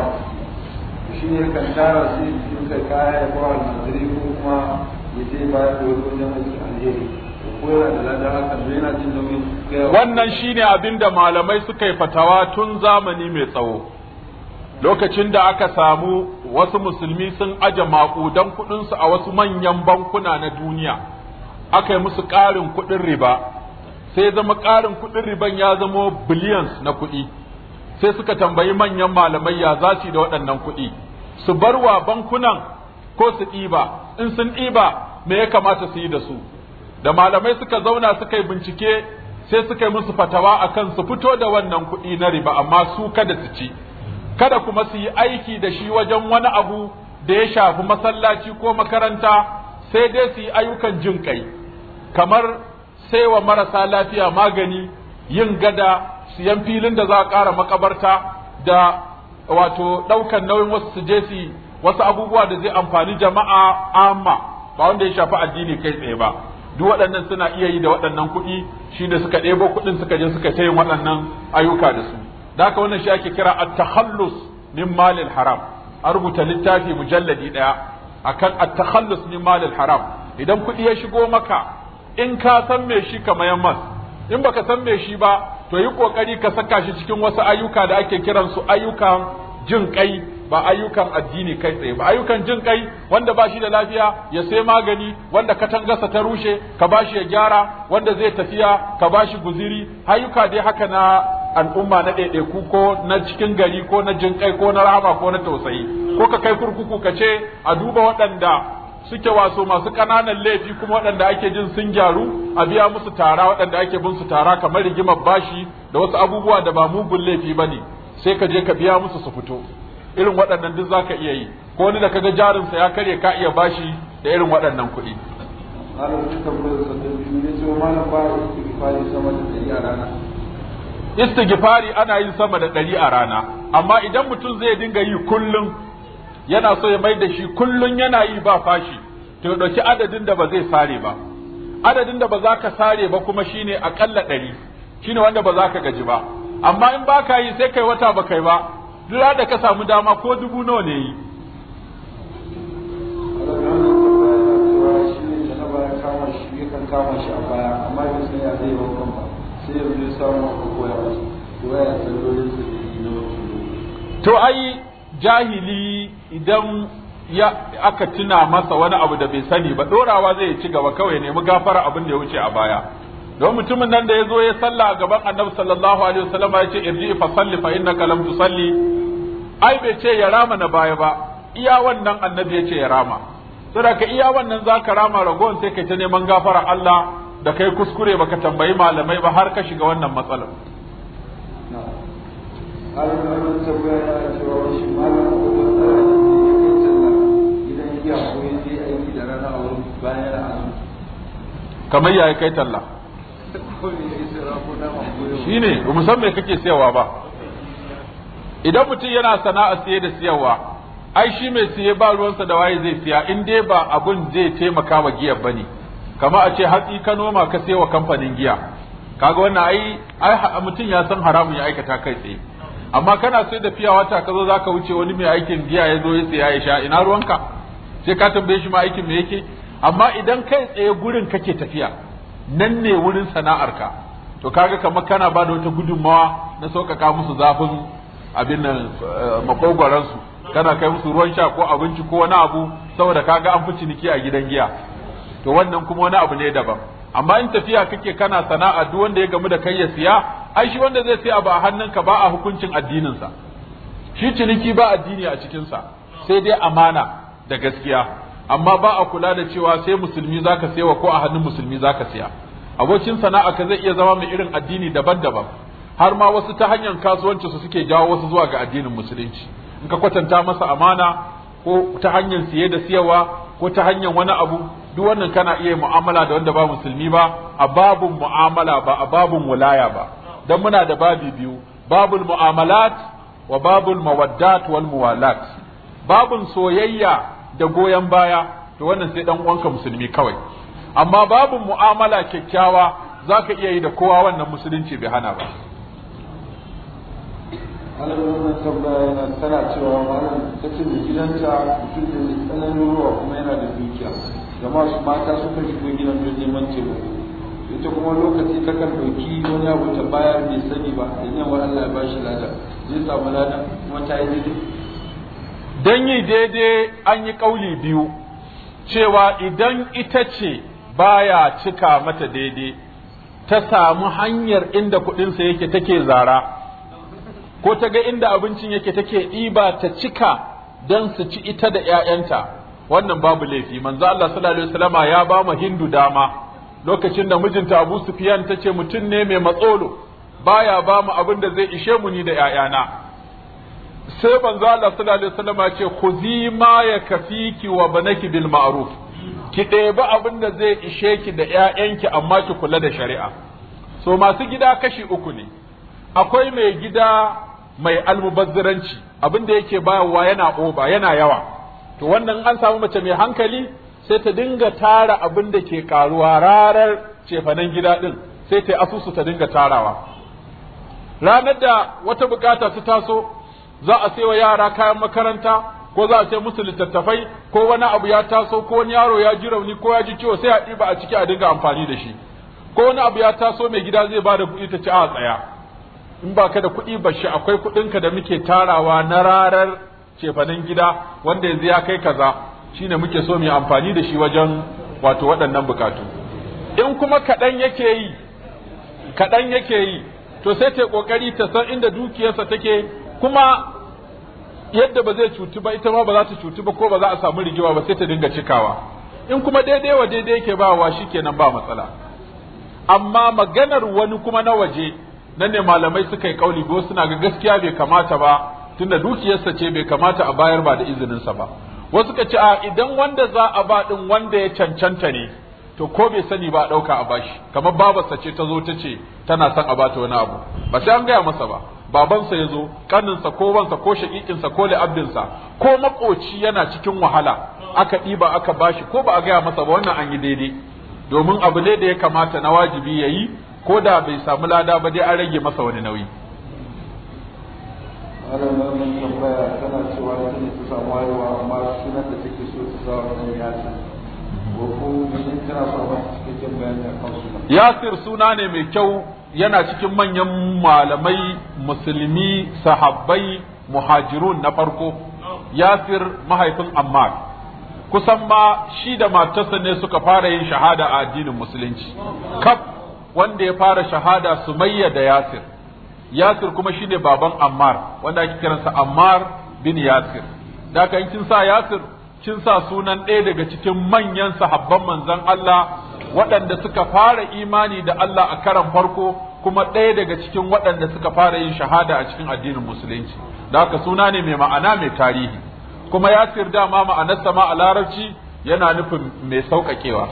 shi ne kan tara sai cikin kai kaya ya kowa almajiri ko kuma ya je bayar da zai wajen aiki alheri
wannan shi ne abin da malamai suka yi fatawa tun zamani mai tsawo lokacin da aka samu wasu musulmi sun aje maƙudan kuɗinsu a wasu manyan bankuna na duniya aka yi musu ƙarin kuɗin riba sai zama ƙarin kuɗin riban ya zama billions na kuɗi sai suka tambayi manyan malamai ya za da waɗannan kuɗi su bar wa bankunan ko su ɗiba in sun ɗiba me ya kamata su yi da su da malamai suka zauna suka yi bincike sai suka yi musu fatawa a kan su fito da wannan kuɗi na riba amma su kada su ci kada kuma su yi aiki da shi wajen wani abu da ya shafi masallaci ko makaranta sai dai su yi ayyukan jin kai kamar sai wa marasa lafiya magani yin gada siyan filin da za a ƙara makabarta da wato ɗaukan nauyin wasu su je su wasu abubuwa da zai amfani jama'a amma ba wanda ya shafi addini kai tsaye ba duk waɗannan suna iya yi da waɗannan kuɗi shi da suka ɗebo kuɗin suka je suka yin waɗannan ayyuka da su da haka wannan shi ake kira at-takhallus min malil haram a rubuta littafi mujalladi ɗaya akan at-takhallus min malil haram idan kuɗi ya shigo maka in ka san me shi ka mayammas, in baka san me shi ba to yi kokari ka saka shi cikin wasu ayyuka da ake kiran su ayyukan jin kai ba ayyukan addini kai tsaye ba ayyukan jin kai wanda ba shi da lafiya ya sai magani wanda katangarsa ta rushe ka ba shi ya gyara wanda zai tafiya ka ba shi guziri ayyuka dai haka na al'umma na ɗaiɗaiku ko na cikin gari ko na jin kai ko na rama ko na tausayi ko ka kai kurkuku ka ce a duba waɗanda suke waso masu ƙananan laifi kuma waɗanda ake jin sun gyaru a biya musu tara waɗanda ake bin su tara kamar rigimar bashi da wasu abubuwa da ba mugun laifi ba ne sai ka je ka biya musu su fito irin waɗannan duk za ka iya yi ko wani da kaga jarinsa ya karye ka iya bashi da irin waɗannan kuɗi. istigifari ana yin sama da ɗari a rana, amma idan mutum zai dinga yi kullum yana so ya mai da shi kullum yana yi ba fashi to ɗauki adadin da ba zai sare ba adadin da ba za ka sare ba kuma shine akalla ɗari shine wanda ba za ka gaji ba amma in ba ka yi sai kai wata ba kai ba lura da ka samu dama ko dubu nawa ne yi to ai jahili idan ya aka tuna masa wani abu da bai sani ba dorawa zai ci gaba kawai nemi gafara abin da ya wuce a baya don mutumin nan da ya zo ya salla a gaban annabi sallallahu alaihi wasallam ya ce irji fa salli fa innaka lam tusalli ai bai ce ya rama na baya ba iya wannan annabi ya ce ya rama saboda ka iya wannan zaka rama ragon sai kai ta neman gafara Allah da kai kuskure baka tambayi malamai ba har ka shiga wannan matsalar
kamar
ya kai talla
shine ba musamman
kake siyarwa ba idan mutum yana sana'a siye da siyarwa ai shi mai siye ba ruwansa da waye zai siya in dai ba abun zai taimaka wa giyar ne. kamar a ce hatsi ka noma ka wa kamfanin giya kaga wannan ai ai mutum ya san haramun ya aikata kai tsaye amma kana sai da fiya wata ka zo za ka wuce wani mai aikin giya ya zo ya saya ya sha ina ruwanka sai ka tambaye shi ma aikin me yake amma idan kai tsaye gurin kake tafiya nan ne wurin sana'arka to kaga kamar kana ba da wata gudunmawa na sauƙaƙa musu zafin abin nan eh, makogwaransu kana kai musu ruwan sha ko abinci ko wani abu saboda kaga an fi ciniki a gidan giya to wannan kuma wani abu ne daban amma in tafiya kake kana sana'a duk wanda ya gamu da kai ya siya ai shi wanda zai sai abu a hannunka ba a hukuncin addininsa shi ciniki ba addini a cikinsa sai dai amana da gaskiya amma ba a kula da cewa sai musulmi zaka sayawa ko a hannun musulmi zaka saya abokin sana'a ka zai iya zama mai irin addini daban-daban har ma wasu ta hanyar kasuwanci su suke jawo wasu zuwa ga addinin musulunci in ka kwatanta masa amana ko ta hanyar siye da siyarwa ko ta hanyar wani abu duk wannan kana iya mu'amala da wanda ba musulmi ba a babun mu'amala ba a babun wulaya ba don muna da babi biyu babul mu'amalat wa babul mawaddat wal muwalat babun soyayya da goyon baya to wannan sai dan uwanka musulmi kawai amma babun mu'amala kyakkyawa zaka iya yi da kowa wannan musulunci bai hana ba
alamun tambaya tana cewa malam ta ce mai gidanta mutum da tsananin ruwa kuma yana da dukiya jama'a su mata suka shigo gidan don neman taimako ita kuma lokaci kan ɗauki wani abu ta bayar bai sani ba yi wa Allah ba shi lada zai samu lada kuma ta yi daidai
Don yi daidai an yi kauli biyu cewa idan ita ce baya cika mata daidai ta samu hanyar inda kuɗinsa yake take zara ko ta ga inda abincin yake take ɗiba ta cika don su ci ita da ‘ya'yanta wannan babu laifi manzo Allah sallallahu alaihi wasallama ya ba mu hindu dama lokacin da mijinta Abu Sufyan ta ce mutum ne mai matsolo baya ba mu abin da zai ishe mu ni da ƴaƴana sai manzo Allah sallallahu alaihi wasallam ya ce khuzi ma yakfiki wa banaki bil ma'ruf ki ɗebi abin da zai ishe ki da ƴaƴanki amma ki kula da shari'a so masu gida kashi uku ne akwai mai gida mai almubazziranci abin da yake bayarwa yana oba yana yawa to wannan an samu mace mai hankali sai ta dinga tara abin da ke karuwa rarar cefanen gida din sai ta asusu ta dinga tarawa ranar da wata bukata ta taso za a sai wa yara kayan makaranta ko za a sai musu littattafai ko wani abu ya taso ko wani yaro ya ji rauni ko ya ji ciwo sai a ɗiba a ciki a dinga amfani da shi ko wani abu ya taso mai gida zai ba da kuɗi ta ci a tsaya in ba ka da kuɗi ba shi akwai kuɗinka da muke tarawa na rarar cefanen gida wanda yanzu ya kai kaza Shi ne muke so mu amfani da shi wajen wato waɗannan bukatu in kuma kaɗan yake yi kaɗan yake yi to sai ta ƙoƙari ta san inda dukiyarsa take kuma yadda ba zai cutu ba ita ma ba za ta cutu ba ko ba za a samu rigewa ba sai ta dinga cikawa in kuma daidai wa daidai yake ba wa shi kenan ba matsala amma maganar wani kuma na waje nan ne malamai suka yi kauli ko suna ga gaskiya bai kamata ba tunda dukiyarsa ce bai kamata a bayar ba da izininsa ba wasu ka ce a idan wanda za a ba din wanda ya cancanta ne to ko bai sani ba a ɗauka a bashi kamar babarsa ce ta zo ta ce tana son a bata wani abu ba sai an gaya masa ba babansa ya zo ƙaninsa ko wansa ko shaƙiƙinsa ko li'abdinsa ko maƙoci yana cikin wahala aka ɗiba aka bashi ko ba a gaya masa ba wannan an yi daidai domin abu ne da ya kamata na wajibi ya yi ko da bai samu lada ba dai an rage masa wani nauyi
ana wannan tambaya tana cewa ita ne ta samu haihuwa amma sunan da take so ta sa wannan yasir ko kuma tana so a mata cikakken bayani a kan sunan
yasir suna ne mai kyau yana cikin manyan malamai musulmi sahabbai muhajirun na farko yasir mahaifin ammar kusan ma shi da matarsa ne suka fara yin shahada a addinin musulunci kaf wanda ya fara shahada sumayya da yasir yasir kuma shi ne baban ammar wanda ake kiransa ammar bin yasir da in kin sa yasir kin sa sunan ɗaya daga cikin manyan sahabban manzon Allah waɗanda suka fara imani da Allah a karan farko kuma ɗaya daga cikin waɗanda suka fara yin shahada a cikin addinin musulunci da haka suna ne mai ma'ana mai tarihi kuma yasir dama ma'anarsa ma a larabci yana nufin mai sauƙaƙewa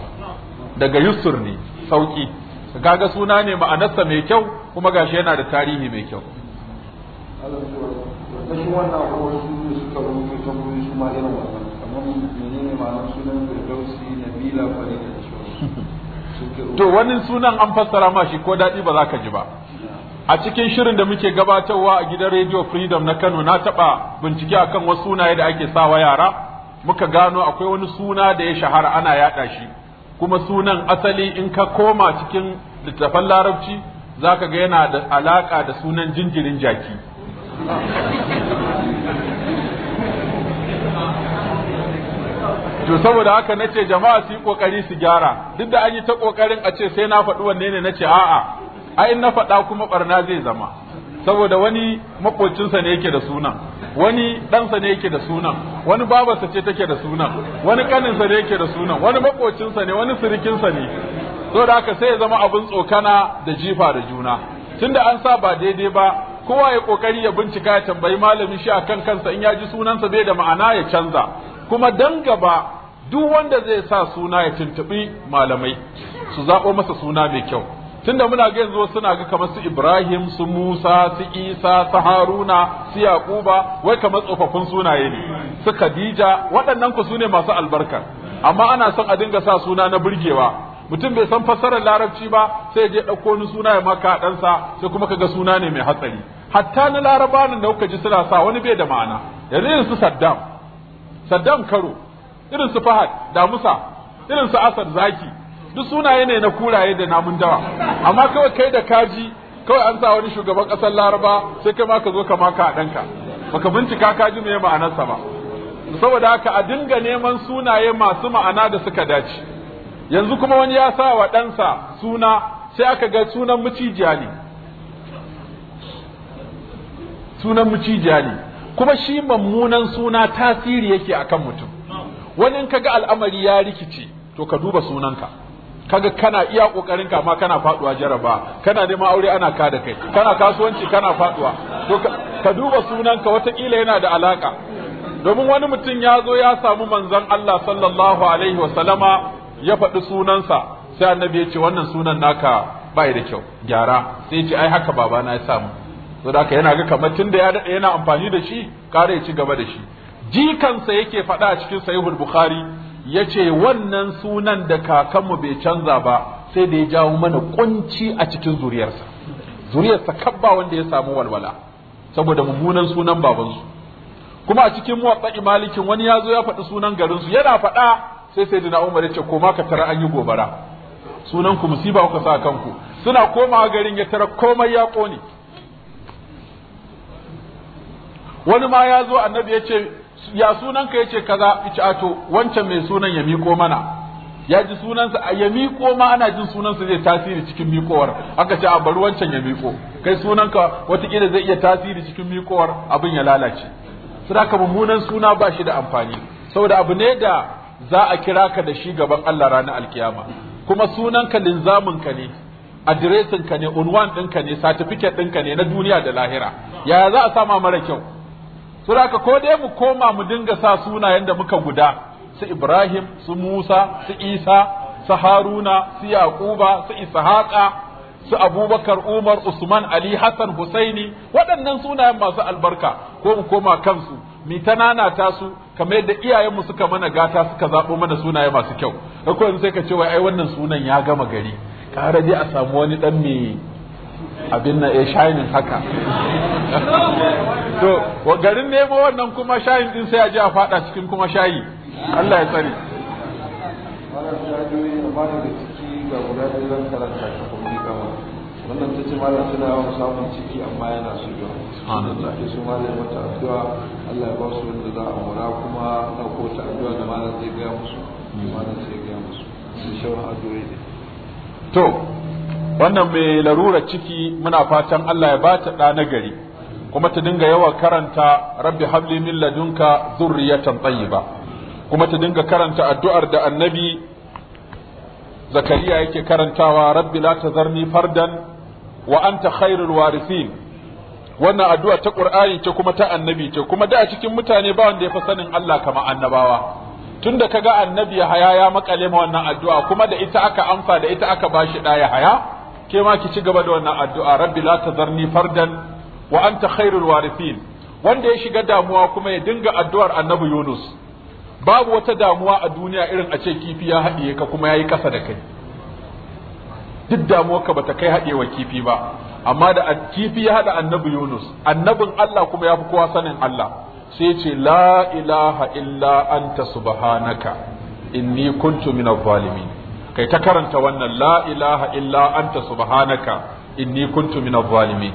daga yusur ne sauƙi kaga suna ne ma'anarsa mai kyau kuma gashi yana da tarihi mai kyau
wannan sunan to
wani sunan an fassara ma shi ko daɗi ba za ka ji ba a cikin shirin da muke gabatarwa a gidan radio freedom na kano na taɓa bincike akan wasu sunaye da ake sawa yara muka gano akwai wani suna da ya shahara ana yaɗa shi kuma sunan asali in ka koma cikin littafan larabci za ka ga yana da alaƙa da sunan jinjirin jaki to saboda haka nace jama'a su yi kokari su gyara duk da an yi ta kokarin a ce sai na faɗi wanne ne nace a'a ai in na faɗa kuma barna zai zama saboda wani makocinsa ne yake da suna wani ɗansa ne yake da suna wani babarsa ce take da suna wani ƙaninsa ne yake da suna wani makocinsa ne wani sirikinsa ne saboda aka sai ya zama abin tsokana da jifa da juna tunda an sa ba daidai ba kowa ya kokari ya bincika ya tambayi malami shi akan kansa in ya ji sunansa bai da ma'ana ya canza kuma dan gaba duk wanda zai sa suna ya tuntubi malamai su zaɓo masa suna mai kyau tunda muna ga yanzu suna ga kamar su Ibrahim su Musa su Isa su Haruna su Yaquba wai kamar tsofaffin sunaye ne su Khadija waɗannan ku sune masu albarka amma ana son a dinga sa suna na burgewa mutum bai san fassarar larabci ba sai je ɗauko wani suna ya maka ɗansa sai kuma ka ga suna ne mai hatsari hatta na larabanin da kuka ji suna sa wani bai da ma'ana yanzu irin su Saddam Saddam Karo irin su Fahad Damusa irin su Asad Zaki duk sunaye ne na kuraye da namun dawa amma kawai kai da kaji kawai an sa wani shugaban kasar laraba sai kai ma ka zo ka maka a ɗanka baka bincika kaji me ma'anarsa ba saboda haka a dinga neman sunaye masu ma'ana da suka dace yanzu kuma wani ya sa wa ɗansa suna sai aka ga sunan mucijiya ne sunan mucijiya ne kuma shi mummunan suna tasiri yake akan mutum wani in kaga al'amari ya rikice to ka duba sunanka kaga kana iya kokarin ka amma kana faduwa jaraba kana neman aure ana ka da kai kana kasuwanci kana faduwa to ka duba sunanka watakila yana da alaka domin wani mutum ya zo ya samu manzon Allah sallallahu alaihi wa sallama ya faɗi sunansa sai annabi ya ce wannan sunan naka bai da kyau gyara sai ya ce ai haka babana ya samu da haka yana ga kamar tunda ya daɗe yana amfani da shi kare ya ci gaba da shi jikansa yake faɗa a cikin sahihul bukhari ya ce wannan sunan da kakanmu bai canza ba sai da ya jawo mana kunci a cikin zuriyarsa zuriyarsa kabba wanda ya samu walwala saboda mummunan sunan babansu kuma a cikin muwaɗa'i malikin wani ya zo ya faɗi sunan garinsu yana faɗa sai sai dina umar ya ce koma ka tara an yi gobara Sunanku ku musiba kuka sa kanku suna komawa garin ya tara komai ya ƙone wani ma ya zo annabi ya ce ya sunanka yace kaza ita ato wancan mai sunan ya miko mana ya ji sunansa a ya miko ma ana jin sunansa zai tasiri cikin mikowar aka ce a bar wancan ya miko kai sunanka watakila zai iya tasiri cikin mikowar abin ya lalace saboda mummunan suna ba shi da amfani saboda abu ne da za a kira ka da shi gaban Allah ranar alkiyama kuma sunanka ka ne ka ne unwan ɗinka ne satifiket ɗinka ne na duniya da lahira yaya za a sama mara kyau Su suraka ko dai mu koma mu dinga sa sunayen da muka guda su Ibrahim su Musa su Isa su Haruna su Yaquba su Ishaqa su Abubakar Umar Usman Ali Hassan Husaini waɗannan sunayen masu albarka ko mu koma kansu mi ta nanata su kamar yadda iyayenmu suka mana gata suka zaɓo mana sunaye masu kyau da sai ka ce wai ai wannan sunan ya gama gari Ka je a samu wani dan mai abin na eh shining haka to garin nemo wannan kuma shayin din sai a ji a fada cikin kuma shayi Allah ya tsare
wannan ta ce malam suna yawan samun ciki amma yana su yawa ke su malam mata addu'a Allah ya ba su wanda za a mura kuma na ko ta addu'a da malam zai gaya musu hmm. malam zai gaya musu su shawar adoyi ne to wannan
mai larura ciki muna fatan Allah ya bata ɗa na gari kuma ta dinga yawa karanta rabbi habli min ladunka zurriyatan tayyiba kuma ta dinga karanta addu'ar da annabi zakariya yake karantawa rabbi la tazarni fardan wa anta khairul warithin wannan addu'a ta qur'ani ce kuma ta annabi ce kuma da a cikin mutane ba wanda ya fi sanin Allah kama annabawa tunda kaga annabi ya haya ya makale ma wannan addu'a kuma da ita aka amsa da ita aka bashi da ya haya ke ma ki ci gaba da wannan addu'a rabbi la tazarni fardan wa anta khairul warithin wanda ya shiga damuwa kuma ya dinga addu'ar annabi Yunus babu wata damuwa a duniya irin a ce kifi ya haɗiye ka kuma yi ƙasa da kai duk ka bata kai haɗewa kifi ba amma da kifi ya haɗa annabi Yunus annabin Allah kuma ya fi kowa sanin Allah sai ce la ilaha illa anta subhanaka inni kuntu min zalimin kai ta karanta wannan la ilaha illa anta subhanaka inni kuntu minadh zalimin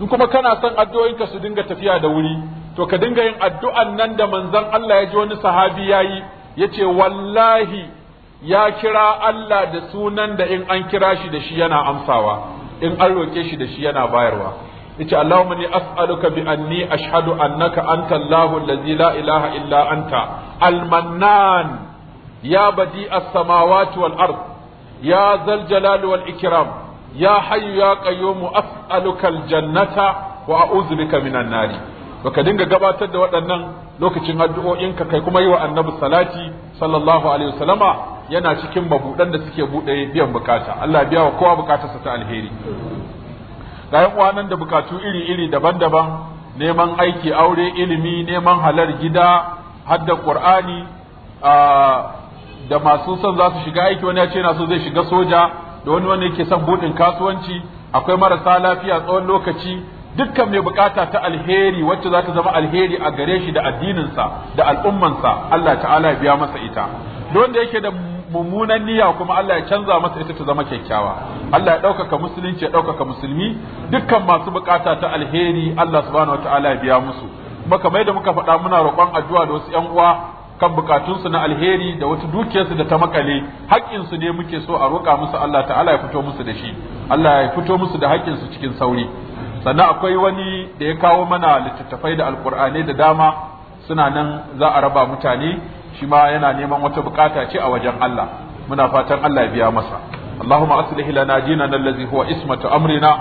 in kuma kana son addu'o'inka su dinga tafiya da wuri to ka dinga yin addu'an nan da manzon Allah ya ji wani sahabi yayi yace wallahi ya kira Allah da sunan da in an kira shi da shi yana amsawa in an roke shi da shi yana bayarwa yace Allahumma ni as'aluka bi anni ashhadu annaka anta Allahu allazi la ilaha illa anta al-mannan ya badi as-samawati wal ard ya zal jalal wal ikram ya hayyu ya mu as'aluka al-jannata wa a bika minan nari baka dinga gabatar da waɗannan lokacin addu'o'in ka kai kuma yi wa annabi salati sallallahu alaihi wasallama yana cikin mabuɗan da suke buɗe biyan bukata Allah biya wa kowa bukatarsa ta alheri ga yan uwanan da bukatu iri-iri daban-daban neman aiki aure ilimi neman halar gida hadda qur'ani a da masu son za su shiga aiki wani ya ce yana so zai shiga soja da wani wanda yake son buɗin kasuwanci akwai marasa lafiya tsawon lokaci dukkan mai bukata ta alheri wacce za ta zama alheri a gare shi da addininsa da al'ummansa Allah ta'ala ya biya masa ita da yake da mummunan niyya kuma Allah ya canza masa ita ta zama kyakkyawa Allah ya ɗaukaka musulunci ya ɗaukaka musulmi dukkan masu bukata ta alheri Allah subhanahu wa ta'ala ya biya musu kuma kamar da muka faɗa muna roƙon addu'a da wasu 'yan uwa kan bukatunsu na alheri da wata dukiyarsu da ta makale haƙƙinsu ne muke so a roƙa musu Allah ta'ala ya fito musu da shi Allah ya fito musu da haƙƙinsu cikin sauri sannan akwai wani da ya kawo mana littattafai da alƙur'anai da dama suna nan za a raba mutane shi ma yana neman wata bukata ce a wajen Allah muna fatan Allah ya biya masa اللهم أصلح لنا ديننا الذي هو اسمة أمرنا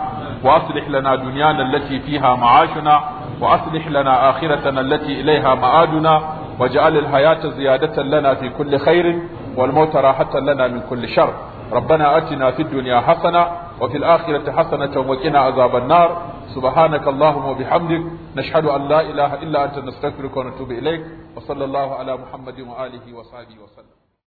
وأصلح لنا دنيانا التي فيها معاشنا وأصلح لنا آخرتنا التي إليها معادنا واجعل الحياة زيادة لنا في كل خير والموت راحة لنا من كل شر ربنا أتنا في الدنيا حسنة وفي الآخرة حسنة وقنا عذاب النار سبحانك اللهم وبحمدك نشهد أن لا إله إلا أنت نستغفرك ونتوب إليك وصلى الله على محمد وآله وصحبه وسلم